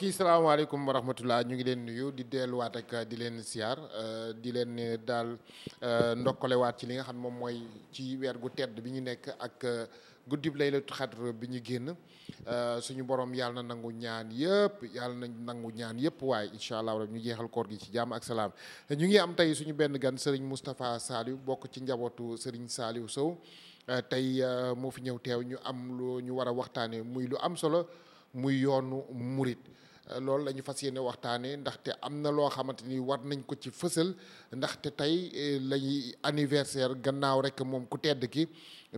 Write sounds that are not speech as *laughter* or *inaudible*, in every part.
mbokk yi salaamaaleykum wa ñu ngi leen nuyu di delluwaat ak di leen siyaar euh, di leen daal euh, ndokkalewaat ci li nga xam moom mooy ci weer gu tedd bi ñu nekk ak euh, guddib laylatul xadr bi ñu génn suñu borom yàlla na nangu ñaan yëpp yal na nangu ñaan yëpp waaye incha allah rek ñu jeexal koor gi ci jàmm ak salaam ñu ngi am tey suñu benn gan Serigne Moustapha Saliou bokk ci njabootu Serigne Saliou sëw tey mu fi ñëw teew ñu am lu ñu war a waxtaanee muy lu am solo muy yoonu murit loolu la ñu fas yéene waxtaanee ndaxte am na loo xamante nii war nañ ko ci fësal ndaxte tey eh, lañuy anniversaire gannaaw rek moom ku tedd ki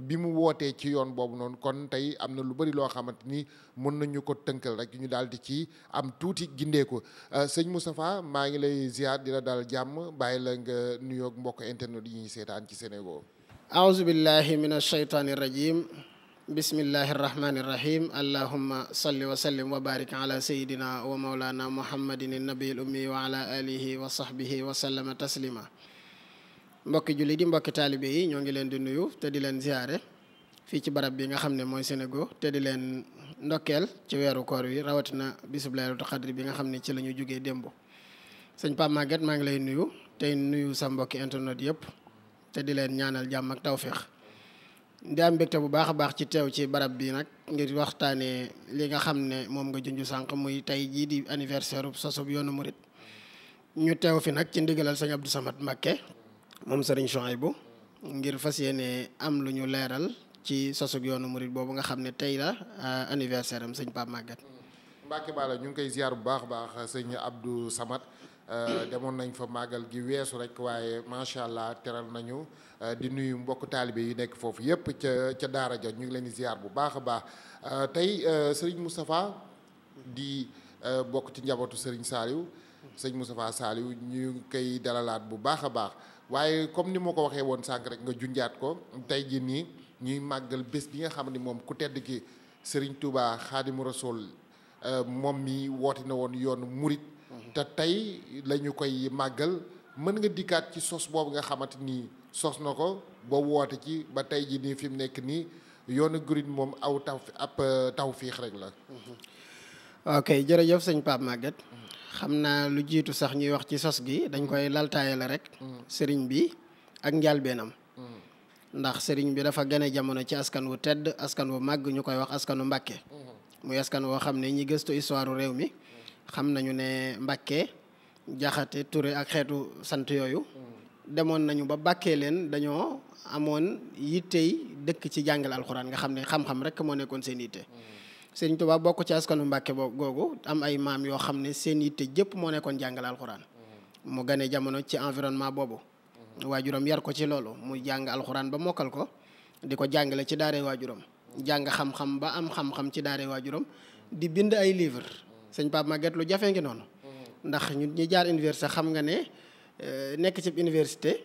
bi mu wootee ci yoon boobu noonu kon tey am na lu bëri loo xamante ni mën nañu ko tënkal rek ñu daal di ci am tuuti gindeeku eh, sëñ Moustapha maa ngi lay ziar di la daal jàmm bàyyi la nga nuyoog mbokk internet yi ñuy seetaan ci Sénégal. aouzu billahi bismillahi irrahmani irrahim allahumma salli wa sallim wa barik ala sayidina wa maulana muhammadin nabiil ummi wa ala alihi wa sahbihi wa sallama taslima mbokki julli di mbokki taalibe yi ñoo ngi leen di nuyu te di leen ziyaare fii ci barab bi nga xam ne mooy Sénégal te di leen ndokkeel ci weeru koor wi rawatina bisub laylatul qadri bi nga xam ne ci la ñu jógee démb sëñ Pape Maguette maa ngi lay nuyu tey nuyu sa mbokki internet yëpp te di leen ñaanal jàmm ak tawféex di am mbégte bu baax a baax ci teew ci barab bi nag ngir waxtaanee li nga xam ne moom nga junj sànq muy tey jii di anniversaire bu sosub yoonu murit ñu teew fi nag ci ndigalal sañ Abdou Samad Mbacké moom sëriñ Chouaïbou ngir fas yéene am lu ñu leeral ci sosub yoonu murit boobu nga xam ne tey la euh, anniversaire am sëñ Pape Maguette. Mbacké Balla ñu ngi koy ziar bu baax a baax sëñ Abdou Samad. Euh, demoon nañu fa màggal gi weesu rek waaye macha allah teral nañu euh, di nuyu mbokk taalibe yu nekk foofu yépp ca ca daara ja ñu ngi leen di ziar bu baax a baax euh, tey sëriñ Moustapha di bokk ci njabootu sëriñ Saliou sëriñ Moustapha Saliou ñu koy dalalaat bu baax a baax waaye comme ni ma ko waxee woon sànq rek nga junjaat ko tey jii nii ñuy màggal bés bi nga xam ne moom ku tedd ki sëriñ Touba Xaadimu Rasuul moom mi woote na woon yoonu murit te tey lañu koy màggal mën nga dikkaat ci sos boobu nga xamante ni sos na ko ba woote ci ba tey ji nii fi mu nekk nii yoonu Mouride moom aw taw ab taw euh, tawfiix rek la. Mm-hmm. ok jërëjëf sëñ Pape Maguette. xam naa lu jiitu sax ñuy wax ci sos gi dañ koy laltaaye la rek. Mm. sëriñ bi ak njàlbeenam. Mm. ndax sëriñ bi dafa gane jamono ci askan wu tedd askan wu màgg ñu koy wax askanu Mbàkke mm-hmm. muy askan woo xam ne ñi gëstu histoire réew mi. xam nañu ne Mbàkke jaxate Touré ak xeetu sant yooyu demoon nañu ba bàkkee leen dañoo amoon yittey dëkk ci jàngal alxuraan nga xam ne xam-xam rek moo nekkoon seen yitte Sëriñ Tuubaa bokk ci askanu Mbàkke boobu googu am ay maam yoo xam ne seen yitte jëpp moo nekkoon jàngal alxuraan mu gane jamono ci environnement boobu waajuram yar ko ci loolu mu jàng alxuraan ba mokkal ko di ko jàngale ci daaree waajuram jàng xam-xam ba am xam-xam ci daaree waajuram di bind ay livre sëñ Pape Maguette lu jafe ngi noonu. Mm-hmm. ndax ñun ñu jaar université xam nga ne eh, nekk ci université.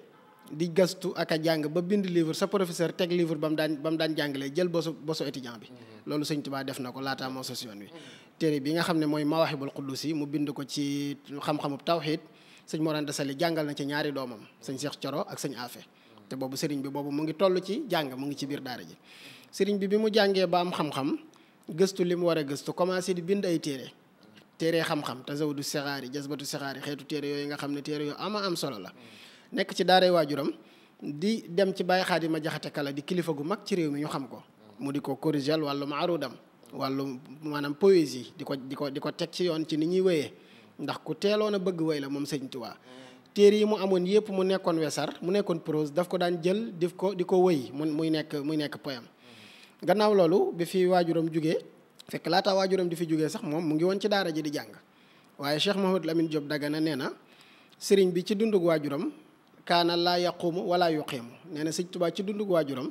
di gastu ak a jàng ba bind livre sa professeur teg livre ba mu daan ba mu jàngalee jël bosu bosu étudiant bi mm-hmm. loolu sëñ Tuubaa def na ko laataa moo sos yoon wi mm-hmm. téere bi nga xam ne mooy Mawahibul si mu bind ko ci xam-xamub tawxiid sëñ Mor Anta Sali jàngal na ci ñaari doomam sëñ Cheikh Coro ak sëñ Afe te boobu sëriñ bi boobu mu ngi toll ci jàng mu ngi ci biir daara ji sëriñ bi bi mu jàngee ba am gëstu li mu war a gëstu commencé di bind ay téere téere xam-xam tazawudu sixaari jasbatu sixaari xeetu téere yooyu nga xam ne téere yu ama am solo la nekk ci daaray waajuram di dem ci bàyyi xaadima jaxate kala di kilifa gu mag ci réew mi ñu xam ko mu di ko corrigel wàllum arudam wàllum maanaam poésie di ko di ko di ko teg ci yoon ci ni ñuy wéyee ndax ku teeloon a bëgg way la moom sëñ Tuubaa téere yi mu amoon yëpp mu nekkoon wesar mu nekkoon prose daf ko daan jël def ko di ko wëy mu muy nekk muy nekk poème fekk laataa waajuram di fi jógee sax moom mu ngi woon ci daara ji di jàng waaye Cheikh Mouhamad Lamine Diop Dagana nee na sëriñ bi ci dundug waajuram kaana laa yaqumu wala yuqimu nee na sëñ Tuubaa ci dundug waajuram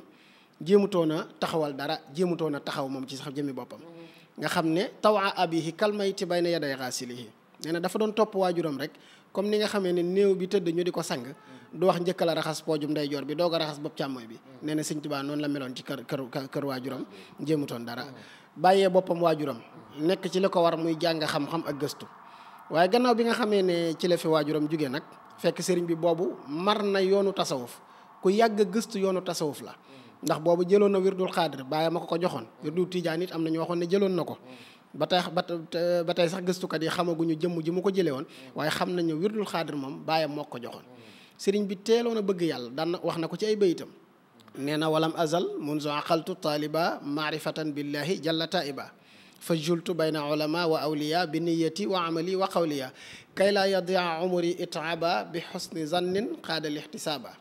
jéemutoon a taxawal dara jéemutoon a taxaw moom ci sax jëmi boppam nga xam ne tawa abihi kalmayti bayna yaday xaasilihi nee na dafa doon topp waajuram rek comme ni nga xamee ne néew bi tëdd ñu di ko sang du wax njëkk la raxas poojum ndeyjoor bi doog a raxas bopp càmmooy bi nee na sëñ Tuubaa la meloon ci kër kër kër waajuram jéemutoon dara bàyyee boppam waajuram nekk ci li ko war muy jàng xam-xam ak gëstu waaye gannaaw bi nga xamee ne ci la fi waajuram jugee nag fekk sëriñ bi boobu mar na yoonu tasawuf ku yàgg gëstu yoonu tasawuf la ndax boobu jëloon na wirdul xaadir bàyyi ma ko joxoon wirdul tijaan it am na ñu waxoon ne jëloon na ko ba tey ba tey sax gëstukat yi xamaguñu jëmm ji mu ko jëlee woon waaye xam na nañu wirdul xaadir moom bàyyam moo ko joxoon sëriñ bi teeloon a bëgg yàlla daan na wax na ko ci ay bayitam nee na walam azal munzu aqaltu taaliba maarifatan billahi jalla taiba fa jultu bayna ulama wa awliya bi niyati wa amali wa qawliya kay laa yadia umri itaaba bi xusni zannin qaada lixtisaaba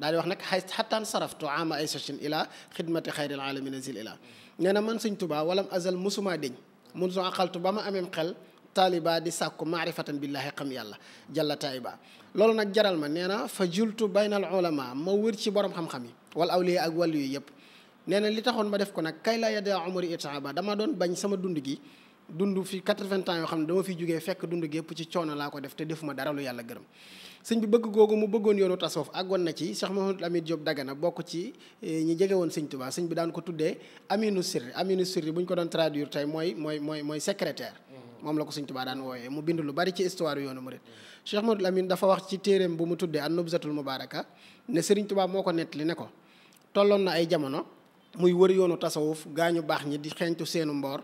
daal di wax nag xay xatta saraftu ama ay sachin ila xidmati xayril alamina zil ila nee na man sëñ Tuubaa walam azal musuma deñ mun su aqaltu ba ma ameem xel taaliba di sàkku maarifatan billahi xam yàlla jalla taiba loolu nag jaral ma nee na fa jultu bayna al ulama ma wër ci borom xam yi wal awliya ak wàllu yu yëpp nee na li taxoon ma def ko nag kay laa yada umari itaaba dama doon bañ sama dund gi dund fi 80 yoo xam ne dama fi jógee fekk dund gi ci coono laa ko def te defuma dara lu yàlla gërëm bëgg googu mu bëggoon yoonu tasawuf àggoon na ci Cheikh Mahamadou Amine Diop Dagana bokk ci eh, ñi jege woon sëñ Tuubaa sëñ bi daan ko tuddee aminu sirri aminu bu ñu ko doon traduire tey mooy mooy mooy mooy secrétaire mm-hmm. moom la ko sëñ Tuubaa daan wooyee mu bind lu bari ci histoire yoonu murit Cheikh Mahamadou Amine dafa wax ci téeréem bu mu tuddee an nubzatul mubaraka ne Serigne Touba moo ko nettali ne ko tolloon na ay jamono muy wër yoonu tasawuf gaa ñu baax ñi di xeeñtu seenu mboor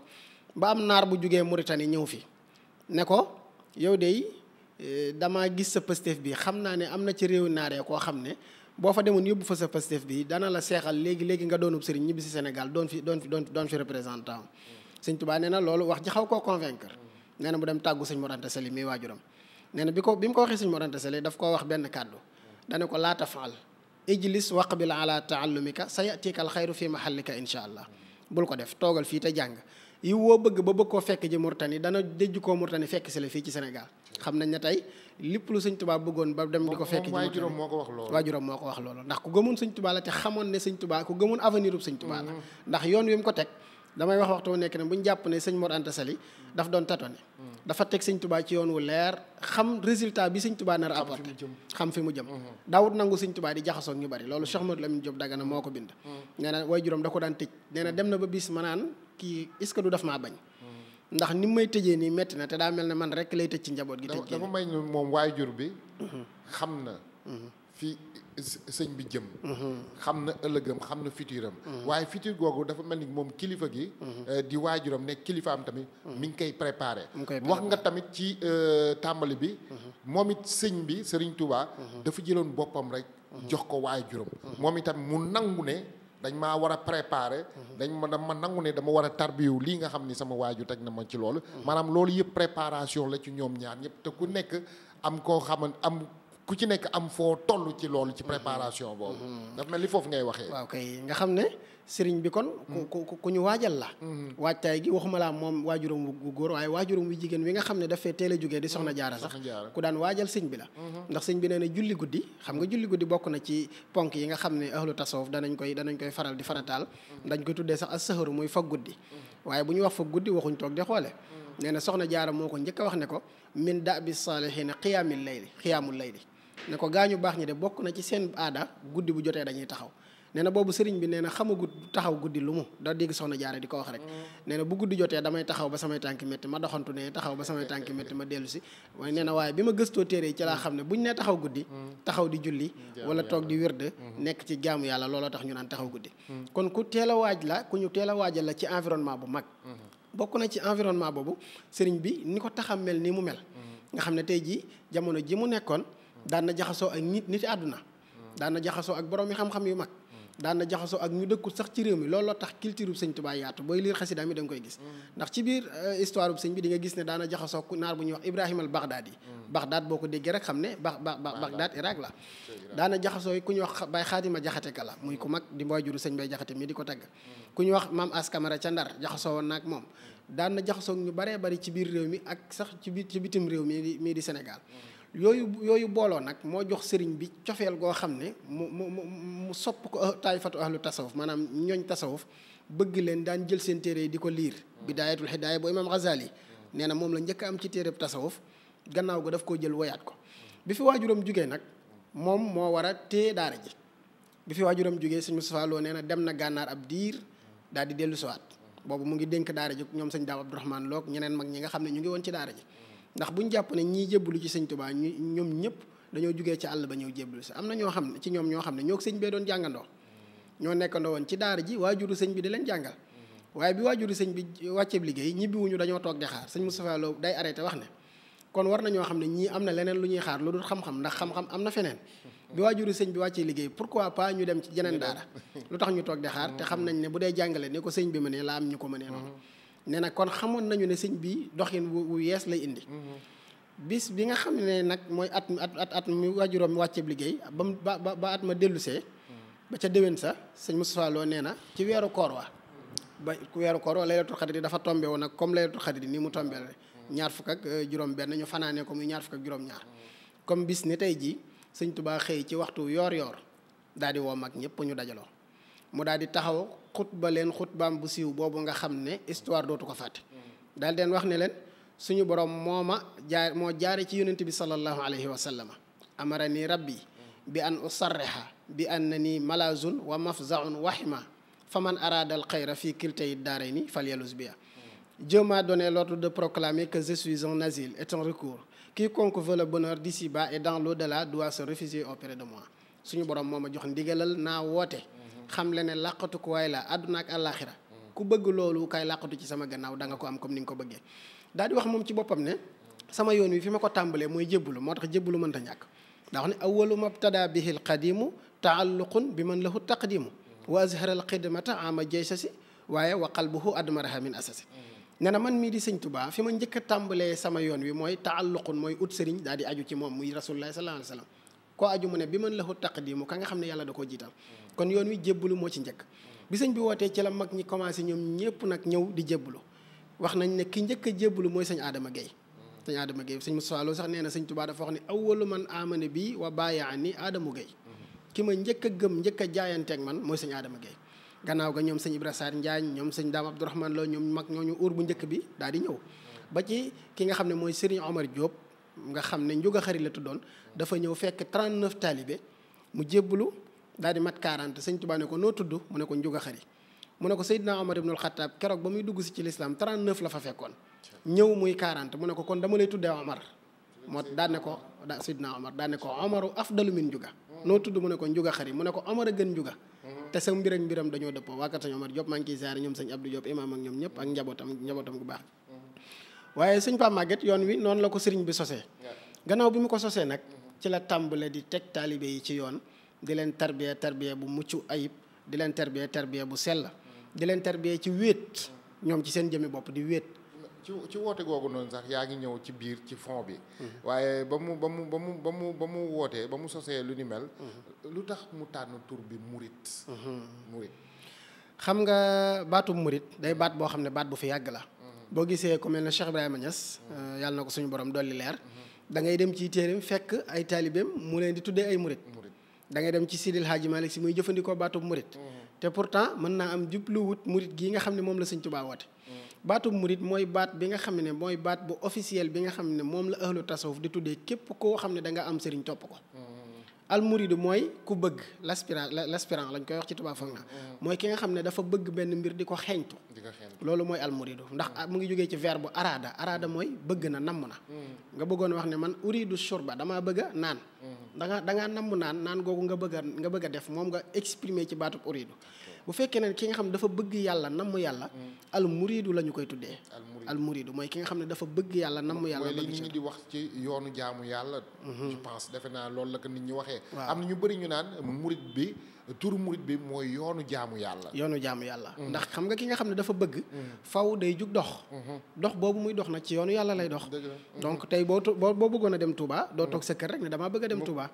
ba am naar bu jugee Mauritanie ñëw fi ne ko yow de eh, damaa gis sa Pastef bi xam naa ne am na ci réew naaree koo xam ne boo fa demoon yóbbu fa sa Pastef bi dana la seexal léegi léegi nga doonub Serigne ñibbi si Sénégal doon fi doon fi doon fi représentant Serigne Touba nee na loolu wax ji xaw koo convaincre nee na mu dem tàggu ko ko waxee sëñ Mor daf koo wax benn kàddu dana ko laa tafaal ijlis waqbil ala taallumika sa yatika al xayru fi mahallika incha allah bul ko def toogal fii te jàng yi woo bëgg ba bëgg koo fekk ji Murtani dana dëjj koo Murtani fekk si la fii ci Sénégal xam nañ ne tey lipp lu sëñ Tuubaa bëggoon ba dem di ko fekk ji waajuram moo ko wax loolu waajuram moo ko wax loolu ndax ku gëmoon sëñ Tuubaa la te xamoon ne sëñ Tuubaa ku gëmoon avenir ub sëñ Tuubaa la mm-hmm. ndax yoon wi mu ko teg damay wax waxtu wu nekk ne bu ñu jàpp ne sëñ Mor Anta Sali daf doon tatoné. dafa teg sëñ Touba ci yoon wu leer xam résultat bi sëñ Touba nar a apporté xam fi mu jëm mhm. daawut nangu sëñ Touba di jaxasoo ñu bari loolu Cheikh Modou Lamine Diop Dagana moo ko bind mhm. nee na way juróom da ko daan tëj nee na mhm. dem na ba bis ma naan kii est-ce que du daf maa bañ ndax ni may tëjee nii metti na te daa mel ne man rek lay tëj ci njaboot gi tëj dafa may moom waajur bi xam na fi sëñ bi jëm mm-hmm. xam na ëllëgam xam na futur mm-hmm. waaye futur googu dafa mel ni moom kilifa gi mm-hmm. eh, di waajuram nekk kilifaam tamit mi ngi koy préparé wax nga tamit ci eh, tàmbali bi moom it sëñ bi sëriñ Touba dafa jëloon boppam rek jox ko waajuram moom itam mu nangu ne dañ maa war a préparer dañ ma dama nangu ne dama war a tarbiyu lii nga xam ni sama waajur teg na ma ci loolu maanaam loolu yëpp préparation la ci ñoom ñaar ñëpp te ku nekk am koo xaman am ku ci nekk am foo toll ci loolu ci préparation mm-hmm. boobu mm-hmm. daf mel ni foofu ngay waxee waaw kay nga xam ne sëriñ bi kon ku mm-hmm. ku ku ñu waajal la waajtaay gi waxuma laa moom waajuram wu góor waaye waajuram wu jigéen wi nga xam ne dafay teel a jógee di soxna jaara sax ku daan waajal sëñ bi la ndax sëñ bi nee na julli guddi xam nga julli guddi bokk na ci ponk yi nga xam ne ahlu tasawuf danañ koy danañ koy faral di farataal dañ koy tuddee sax as saharu muy fag guddi waaye bu ñu wax fag guddi waxuñ toog di xoole nee na soxna jaara moo ko njëkk wax ne ko min da bi saalihiina qiyaamil layli qiyaamul layli ne ko gaañu baax ñi de bokk na ci seen aada guddi bu jotee dañuy taxaw nee na boobu sëriñ bi nee na xamagut taxaw guddi lu mu da dégg soxna jaare di ko wax rek mm. nee na bu guddi jotee damay taxaw ba samay tànki métti ma doxantu ne ba samay tànki métti ma dellu si waaye nee na waaye bi ma gëstoo téere ci laa mm. xam ne buñ ne taxaw guddi mm. di julli wala toog di wérde mm-hmm. nekk ci jaamu yàlla ñu naan taxaw guddi kon ku teel la ku ñu teel a la ci environnement bu mag mm-hmm. na ci environnement boobu ni ko taxam mel ni mu mel mm-hmm. nga xam ne tey jii jamono ji mu nekkoon daan na jaxasoo ak nit nit àdduna daan jaxasoo ak borom yi xam-xam yu mag daan na jaxasoo ak ñu dëkkul sax ci réew mi loo tax culture bu sëñ Tuubaa yaatu booy liir xasida mi da koy gis ndax ci biir euh, histoire bu sëñ bi di nga gis ne daana jaxasoo ku naar bu ñuy wax Ibrahima al Baghdadi yi Baghdad boo ko déggee rek xam ne ba ba Baghdad Irak la daana jaxasoo ku ñuy wax Baay Xaadima Jaxate Kala muy ku mag di mbooy juru sëñ Bay Jaxate mi di ko tagg ku ñuy wax Maam As Kamara ca Ndar jaxasoo woon naag moom daan na jaxasoo ñu baree bari ci biir réew mi ak sax ci biir ci bitim réew mi mii di Sénégal yooyu yooyu booloo nag moo jox sëriñ bi cofeel goo xam ne mu mu mu sopp ko taay taayifatu ahlu tasawuf maanaam ñooñ tasawuf bëgg leen daan jël seen téere yi di ko liir bidaayatul hidaaya bu imaam Ghazali nee na moom la njëkk am ci téereb tasawuf gannaaw ga def koo jël woyaat ko bi fi waajuram jógee nag moom moo war a téye daara ji bi fi waajuram jugee sëñ Moustapha Lo nee na dem na gànnaar ab diir daal di dellu siwaat boobu mu ngi dénk daara ji ñoom sëñ Daam Abdourahmane Lo ak ñeneen mag nga xam ne ñu ngi woon ci daara ji ndax bu ñu jàpp ne ñiy lu ci sëñ Tuubaa ñu ñoom ñëpp dañoo jógee ci àll ba ñëw lu si am na ñoo xam ne ci ñoom ñoo xam ne ñoo sëñ bee doon jàngandoo ñoo nekkandoo woon ci daara ji waajuru sëñ bi di leen jàngal waaye bi waajuru sëñ bi wàcceeb liggéey ñibbiwuñu dañoo toog di xaar sëñ Moustapha Lo day arrêté wax ne kon war na ñoo xam ne am na leneen lu ñuy xaar lu dul xam ndax xam-xam am na feneen bi waajuru sëñ bi wàccee liggéey pourquoi pas ñu dem ci jeneen daara lu tax ñu toog di xaar te xam nañ ne bu dee jàngale ni ko sëñ bi mënee la am ñu ko mënee noonu nee na kon xamoon nañu ne sëñ bi doxin wu yees lay indi. Mhm. bis bi nga xam ne nag mooy at at at mi waajuram wàcceeb liggéey ba mu ba ba at ma dellusee. Mhm. ba ca déwén sax sëñ Moustapha Lo nee na ci weeru koor wa ba weeru koor wa laylatul xadri dafa tombé woon nag comme laylatul xadri ni mu tombé mhm. ñaar fukk ak euh, juróom-benn ñu fanaanee ko muy ñaar fukk ak juróom-ñaar comme bis ni tey jii sëñ Tuubaa xëy ci waxtu yoor-yoor daal di woo mag ñëpp ñu dajaloo. mu daal di taxaw xutba leen xutbaam bu siiw boobu nga xam ne histoire dootu ko fàtte. daal di leen wax ne leen suñu borom moo ma jaar moo jaare ci yonent bi sallallahu alayhi wa sallam amara nii rabbi bi an usarriha bi annani malazun wa mafzaun wahima faman arada al xayra fii kiltay daarayni falyaluz biha Dieu m'a donné l'ordre de proclamer que je suis un asile et un recours quiconque veut le bonheur d'ici-bas et dans l'au-delà doit se réfugier de moi suñu moo ma jox ndigalal naa woote xam le ne làqatukuwaay la àdduna ak àllaaxira ku bëgg loolu kay làqatu ci sama gannaaw da nga ko am comme ni nga ko bëggee daal di wax moom ci boppam ne sama yoon wi fi ma ko tàmbalee mooy jébbalu moo tax jébbalu mënta ñàkk daa wax ne awalu mabtada bihi alqadimu taalluqun bi man lahu taqdimu wa azhara alxidmata ama jaysasi waaye wa qalbuhu admaraha min asasi ne na man mii di sëñ Tuubaa fi ma njëkk tàmbalee sama yoon wi mooy taalluqun mooy ut sëriñ daal di aju ci moom muy rasulullahi sallallahu alayhi wa sallam koo aju mu ne bi man lahu taqdimu ka nga xam ne yàlla da koo jiital kon yoon wi jébbalu moo ci njëkk bi sañ bi wootee ci la mag ñi commencé ñoom ñëpp nag ñëw di jébbalu wax nañ ne ki njëkk a jébbalu mooy sëñ Adama Gueye sëñ Adama Gueye sëñ Moussa Lo sax nee na sëñ Touba dafa wax ni awwalu man amana bi wa baayaani Adama Gueye ki ma njëkk gëm njëkk a jaayanteeg man mooy sëñ aadama Gueye gannaaw ga ñoom sëñ Ibra Sarr Njaañ ñoom sëñ Daam Abdourahmane Lo ñoom mag ñooñu uur bu njëkk bi daal di ñëw ba ci ki nga xam ne mooy Serigne Omar Diop nga xam ne njuga xari la tuddoon dafa ñëw fekk 39 taalibe mu jébbalu daal di mat 40 sëñ Tuubaa ne ko noo tudd mu ne ko Njuga Xari mu ne ko Seydina Omar ibnul Xattaab keroog ba muy dugg si ci lislaam 39 la fa fekkoon ñëw muy 40 mu ne ko kon dama lay tuddee Omar moo daan ne ko da Seydina Omar daan ne ko Omaru afdalu noo tudd mu ne ko Njuga Xari mu ne ko Omar a gën Njuga te sa mbir ak mbiram dañoo dëppoo waa kër sëñ Omar Diop maa ngi ciy ziare ñoom sëñ Abdou Diop imaam ak ñoom ñëpp ak njabootam njabootam gu baax waaye sëñ Pape yoon wi noonu la ko sëriñ bi sosee gannaaw bi mu ko sosee nag ci la tàmbale di teg taalibe yi ci yoon di leen tarbiya tarbiya bu mucc ayib di leen tarbiya tarbiya bu sell di leen tarbiya ci wéet ñoom ci seen jëmmi bopp di wéet ci ci woote googu noonu sax yaa ngi ñëw ci biir ci fond bi mhm. waaye ba mu ba mu ba mu ba mu ba mu wootee ba mu sosee lu ni mel mhm. lu tax mu tànn tur bi mhm. murit xam nga baatu murit day baat boo xam ne baat bu fi yàgg la boo gisee ku mel ne Cheikh Ibrahima Niass yàlla na ko suñu borom dolli leer da ngay dem ci téeréem fekk ay taalibeem mu leen di tuddee dangay ngay dem ci Sidil Hadji Malick si muy jëfandikoo baatub murit mm-hmm. te pourtant mën naa am jubluwut murit gi nga xam ne moom la Sëñ Tuubaa woote mm-hmm. baatub murit mooy baat bi nga xam ne mooy baat bu officiel bi nga xam ne moom la ahlu tasawuf di tuddee képp koo xam ne danga am sëriñ topp ko almuridu mooy ku bëgg l'aspirant l'aspirant lañ koy wax ci tubaab foog naa mm-hmm. mooy ki nga xam ne dafa bëgg benn mbir di ko xeeñtu loolu mooy almuridu ndax ah, mu ngi jógee ci verbe araada araada mooy bëgg na namm na mm-hmm. nga bëggoon wax ne man uridu shurba damaa bëgg naan mm-hmm. danga nga da namm naan naan googu nga bëgg a nga bëgg a def moom nga exprimer ci baatu uridu bu fekkee ne ki nga xam ne dafa bëgg yàlla namm yàlla mm. al muridu la ñu koy tuddee al muridu mooy ki nga xam ne dafa bëgg yàlla namm yàlla mooy li ñu di wax ci yoonu jaamu yàlla mm-hmm. pense defe naa loolu la ko nit ñi waxee am na ñu bëri ñu naan murid bi turu murit bi mooy yoonu jaamu yàlla. yoonu jaamu yàlla. Mm-hmm. ndax xam nga ki nga xam ne dafa bëgg. Mm-hmm. faw day jug dox. Mm-hmm. dox boobu muy dox na ci yoonu yàlla lay dox. donc tey boo boo bëggoon a dem Touba doo toog sa kër rek ne damaa bëgg a dem Touba.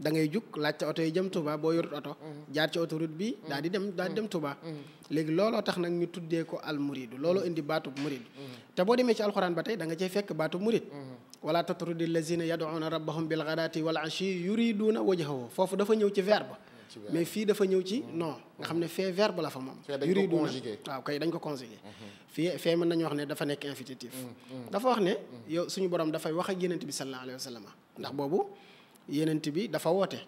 da ngay jug laajte oto yi jëm Touba boo yorut oto. jaar ci autoroute bi daal di dem daa di dem Touba. léegi looloo tax nag ñu tuddee ko al muridu looloo indi baatub murid. te boo demee ci alxuraan ba tey da nga cay fekk baatub murid. wala tatrudi lazina yad'una rabbahum bil ghadati wal ashi yuriduna wajhahu foofu dafa ñëw ci verbe mais fii dafa ñëw ci mm. non nga xam ne fee verbe la fa moom yuridu na waaw kay dañ ko conjugué mm-hmm. fii fee mën nañu wax ne dafa nekk infinitif mm, mm. dafa wax ne yow suñu borom dafay wax ak yenent bi sallallahu alayhi wa ndax boobu yenent bi dafa woote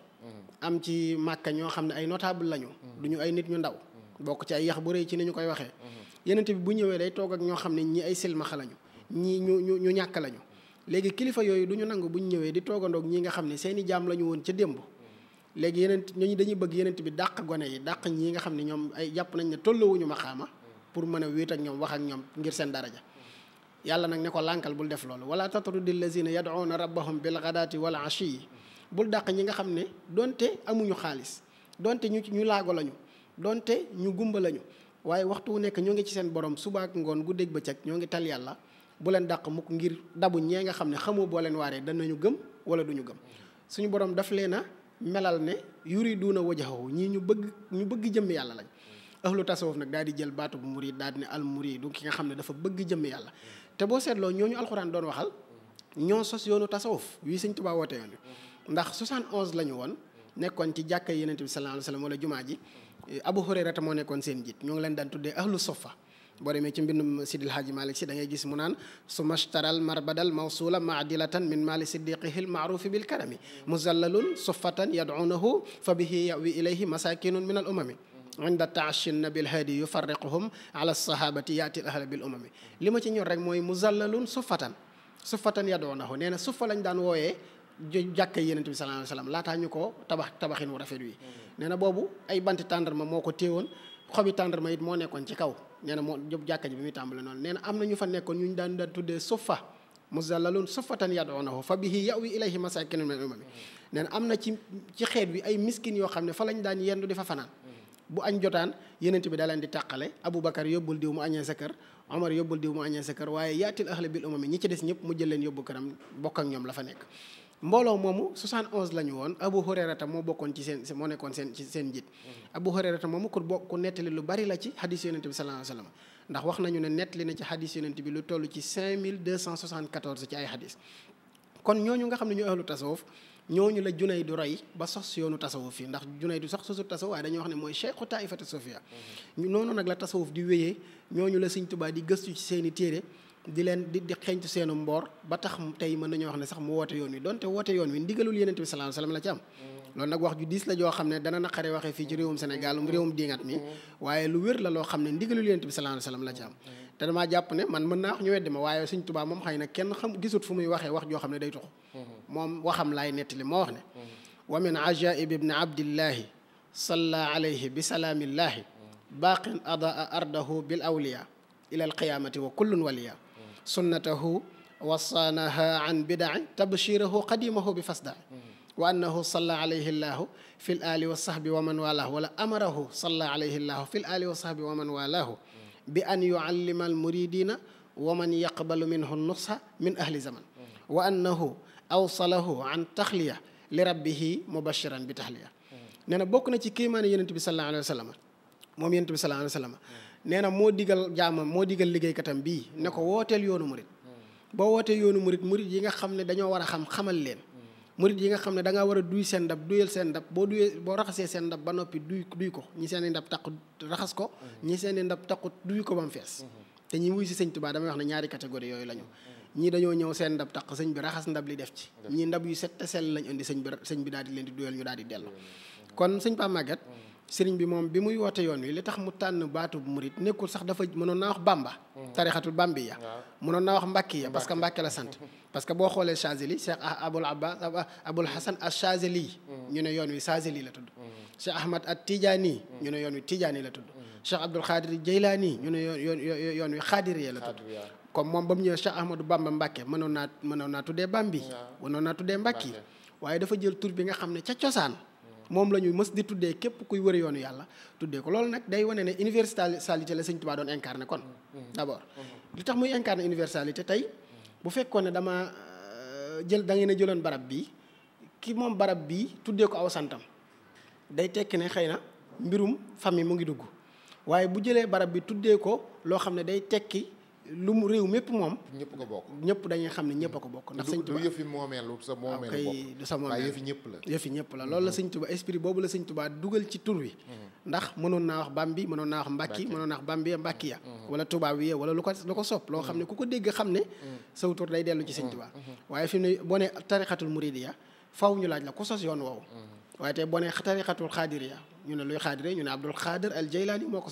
am ci màkka ñoo xam ne ay notable lañu du ñu ay nit ñu ndaw bokk ci ay yax bu rëy ci ni ñu koy waxee mm-hmm. yenent bi bu ñëwee day toog ak ñoo xam ne ñi ay silmaxa lañu ñi ñu ñu ñu ñàkk lañu léegi kilifa yooyu du ñu nangu bu ñu ñëwee di toogandoog ñi nga xam ne seeni jaam lañu woon ca démb léegi yeneen ñooñu dañu bëgg yeneen bi dàq gone yi dàq ñii nga xam ne ñoom ay jàpp nañ ne tolluwuñu maqaama pour mën a wéet ak ñoom wax ak ñoom ngir seen daraja yàlla nag ne ko lànkal bul def loolu wala tatrudi lazina yad'una rabbahum bil ghadati wal ashi bul dàq ñi nga xam ne donte amuñu xaalis donte ñu ñu laago lañu donte ñu gumba lañu waaye waxtu wu nekk ñoo ngi ci seen borom subaak ngoon gu guddeeg bëccëg ñoo ngi tal yàlla bu leen dàq mukk ngir dabu ñee nga xam ne xamoo boo leen waaree danañu gëm wala duñu gëm suñu borom daf leen a melal ne yuriduuna wajhahu ñii ñu bëgg ñu bëgg jëmm yàlla lañ ahlu tasawuf nag daal di jël baatu bu murid daal di ne al muridu ki nga xam ne dafa bëgg jëmm yàlla te boo seetloo ñooñu alxuraan doon waxal ñoo sos yoonu tasawuf wii sëñ Tuubaa woote yoon ndax 71 la ñu woon nekkoon ci jàkka yenente bi sallallahu alayhi wa sallam wala jumaa ji Abu Hurayrata moo nekkoon seen jiit ñoo ngi leen daan tuddee ahlu soffa boo demee ci mbindum sidil haaji malik si da ngay gis mu naan su mashtaral marbadal mawsula maadilatan min mali siddiqihil maarufi bil karami musallalun suffatan yad'unahu fa bihi yawi ilayhi masakinun min al umami inda taashin nabil hadi yufarriquhum ala sahabati yaati al ahla bil umami li ma ci ñor rek mooy musallalun suffatan suffatan yad'unahu nee na suffa lañ daan wooyee jàkka yonent bi sallallahu alayhi wasallam laataa ñu ko tabax tabaxin wu rafet wi mm. nee na boobu ay banti tàndarma moo ko téewoon xobi tàndarma it moo nekkoon ci kaw nee na moo jub jàkka ji bi muy tàmbale noonu nee na am na ñu fa nekkoon ñu daan daan tuddee suffa muzallaluun suffatan yad'uunahu fa bihi ya'wi ilayhi masaakinu min al-umam nee na am na ci ci xeet bi ay miskin yoo xam ne fa lañ daan yendu di fa fanaan bu añ jotaan yenent bi daaleen leen di tàqale Aboubacar yóbbul diw mu añee sa kër Omar yóbbul diw mu añee sa kër waaye yaatil ahla bil umami ñi ci des ñëpp mu jël leen yóbbu këram bokk ak ñoom la fa nekk mbooloo moomu 71 la ñu woon Abu Hurayrata moo bokkoon ci seen moo nekkoon seen ci seen njiit Abu Hurayrata moomu ku bokk nettali lu bari la ci hadis yonent bi sallallahu alayhi wasallam ndax wax nañu ne nettali na ci hadis yonent bi lu toll ci ci ay hadis kon ñooñu nga xam ne ñu ahlu tasawuf ñooñu la junay du roy ba sos yoonu tasawuf fi ndax junay du sax sosu tasawuf waaye dañuy wax ne mooy cheikhu taifatu sofia mhm. noonu nag la tasawuf di wéyee ñooñu la Sëñ ci seeni téere di leen di di xeeñtu seenu mboor ba tax tey mën nañoo wax ne sax mu woote yoon wi donte woote yoon wi ndigalul Yonent bi sallallahu alayhi wasallam la ci am mm. loolu nag wax ju diis la joo xam ne dana naqare waxe fii ci réewum Sénégal um réewum diingat mi mm. waaye lu wér la loo xam ne ndigalul Yonent bi sallallahu alayhi wasallam la ci am te damaa jàpp ne man mën naa wax ñu weddi ma waaye suñ Tuubaa moom xëy na kenn xam gisut fu muy waxee wax joo xam ne day tuxu mm-hmm. moom waxam laay nettali moo wax ne mm-hmm. wa min ajaib ibni abdillahi salla alayhi bi salaamillahi baaqin adaa ardahu bil awliya ila alqiyamati wa kullun waliya sunnatahu wasaanaha an bidaci tabshirahu qadimahu bi fasdaci wa annahu salla alayhi llahu fi l ali wa sahbi wa man walaahu wala amarahu salla alayhi llahu fi l ali wa sahbi wa man walaahu bi an yuallima almuridina wa man yaqbalu minhu nusha min ahli zaman wa annahu awsalahu an taxliya li rabbihi mubashiran bi taxliya hmm. nee na bokk na ci kéimaane yonent bi sallallahu alayhi wa sallam moom yonent bi sallallahu alayhi wa sallam nee na moo digal jaamam moo digal liggéeykatam bii ne ko wooteel yoonu murit boo wootee yoonu murit murit yi nga xam ne dañoo war a xam xamal leen murit yi nga xam ne da ngaa war a duy seen ndab duyal seen ndab boo duyee boo raxasee seen ndab ba noppi duy duy ko ñi seen i ndab taqut raxas ko ñi seen i ndab taqut duy ko ba mu fees te ñi wuy si sëñ Tuubaa damay wax na ñaari catégorie yooyu la ñu ñii dañoo ñëw seen ndab taq sëñ bi raxas ndab li def ci ñii ndab yu set te sell lañ indi sëñ bi sëñ bi daal di leen di duyal ñu daal di dellu kon sëñ Pape Maguette sëriñ bi moom bi muy woote yoon wi li tax mu tànn baatu murit nekkul sax dafa mënoon naa wax bamba mm-hmm. tarixatul bambi ya mënoon naa wax mbàkki ya parce que mbàkke la sant *laughs* parce que boo xoolee Chazeli Cheikh Abul Abbas Abul Hasan al Chazeli mm-hmm. ñu ne yoon wi Chazeli la tudd mm-hmm. Cheikh Ahmad at Tijaani ñu ne yoon wi Tijaani la tudd Cheikh Abdul Xaadir Jeylaani ñu ne yoon yoon wi Xaadir ya la tudd comme moom ba mu ñëwee Cheikh Ahmadou Bamba Mbàkke mënoon naa mënoon naa tuddee bambi mënoon naa tuddee mbàkki waaye dafa bi nga xam ne ca cosaan moom la ñu mës di tuddee képp kuy wëri yoonu yàlla tuddee ko loolu nag day wane ne universalité la sëñ Tuubaa doon incarné kon d'abord li tax muy incarné universalité tey bu fekkoon ne dama euh, jël da ngeen jëloon barab bi ki moom barab bii tuddee ko aw santam day tekki ne xëy na mbirum famille mu ngi dugg waaye bu jëlee barab bi tuddee ko loo xam ne day tekki lu mu réew mépp moom. ñëpp ko bokk ñëpp dañuy xam ne ñëpp a ko bokk. ndax sëñ yëfi moomeelu sa ah, sa moomeelu waaye yëfi ñëpp la. yëfi ñëpp la loolu la mhm. sëñ Tuba esprit boobu la sëñ Tuba dugal ci tur wi. Mhm. ndax mënoon naa wax Bambi mënoon naa wax Mbacki mënoon naa wax Bambi Mbacki ya mhm. wala Tuba wi wala lu ko lu ko sopp loo xam ne ku ko dégg xam ne. saw tur day dellu ci sëñ Tuba. waaye fi mu ne boo nee tarixatul muridiya ñu laaj la ku sos yoon woowu. waaye tey boo tarixatul ñu ne luy xaadire ñu ne Abdul Xaadir al Jaylaani moo ko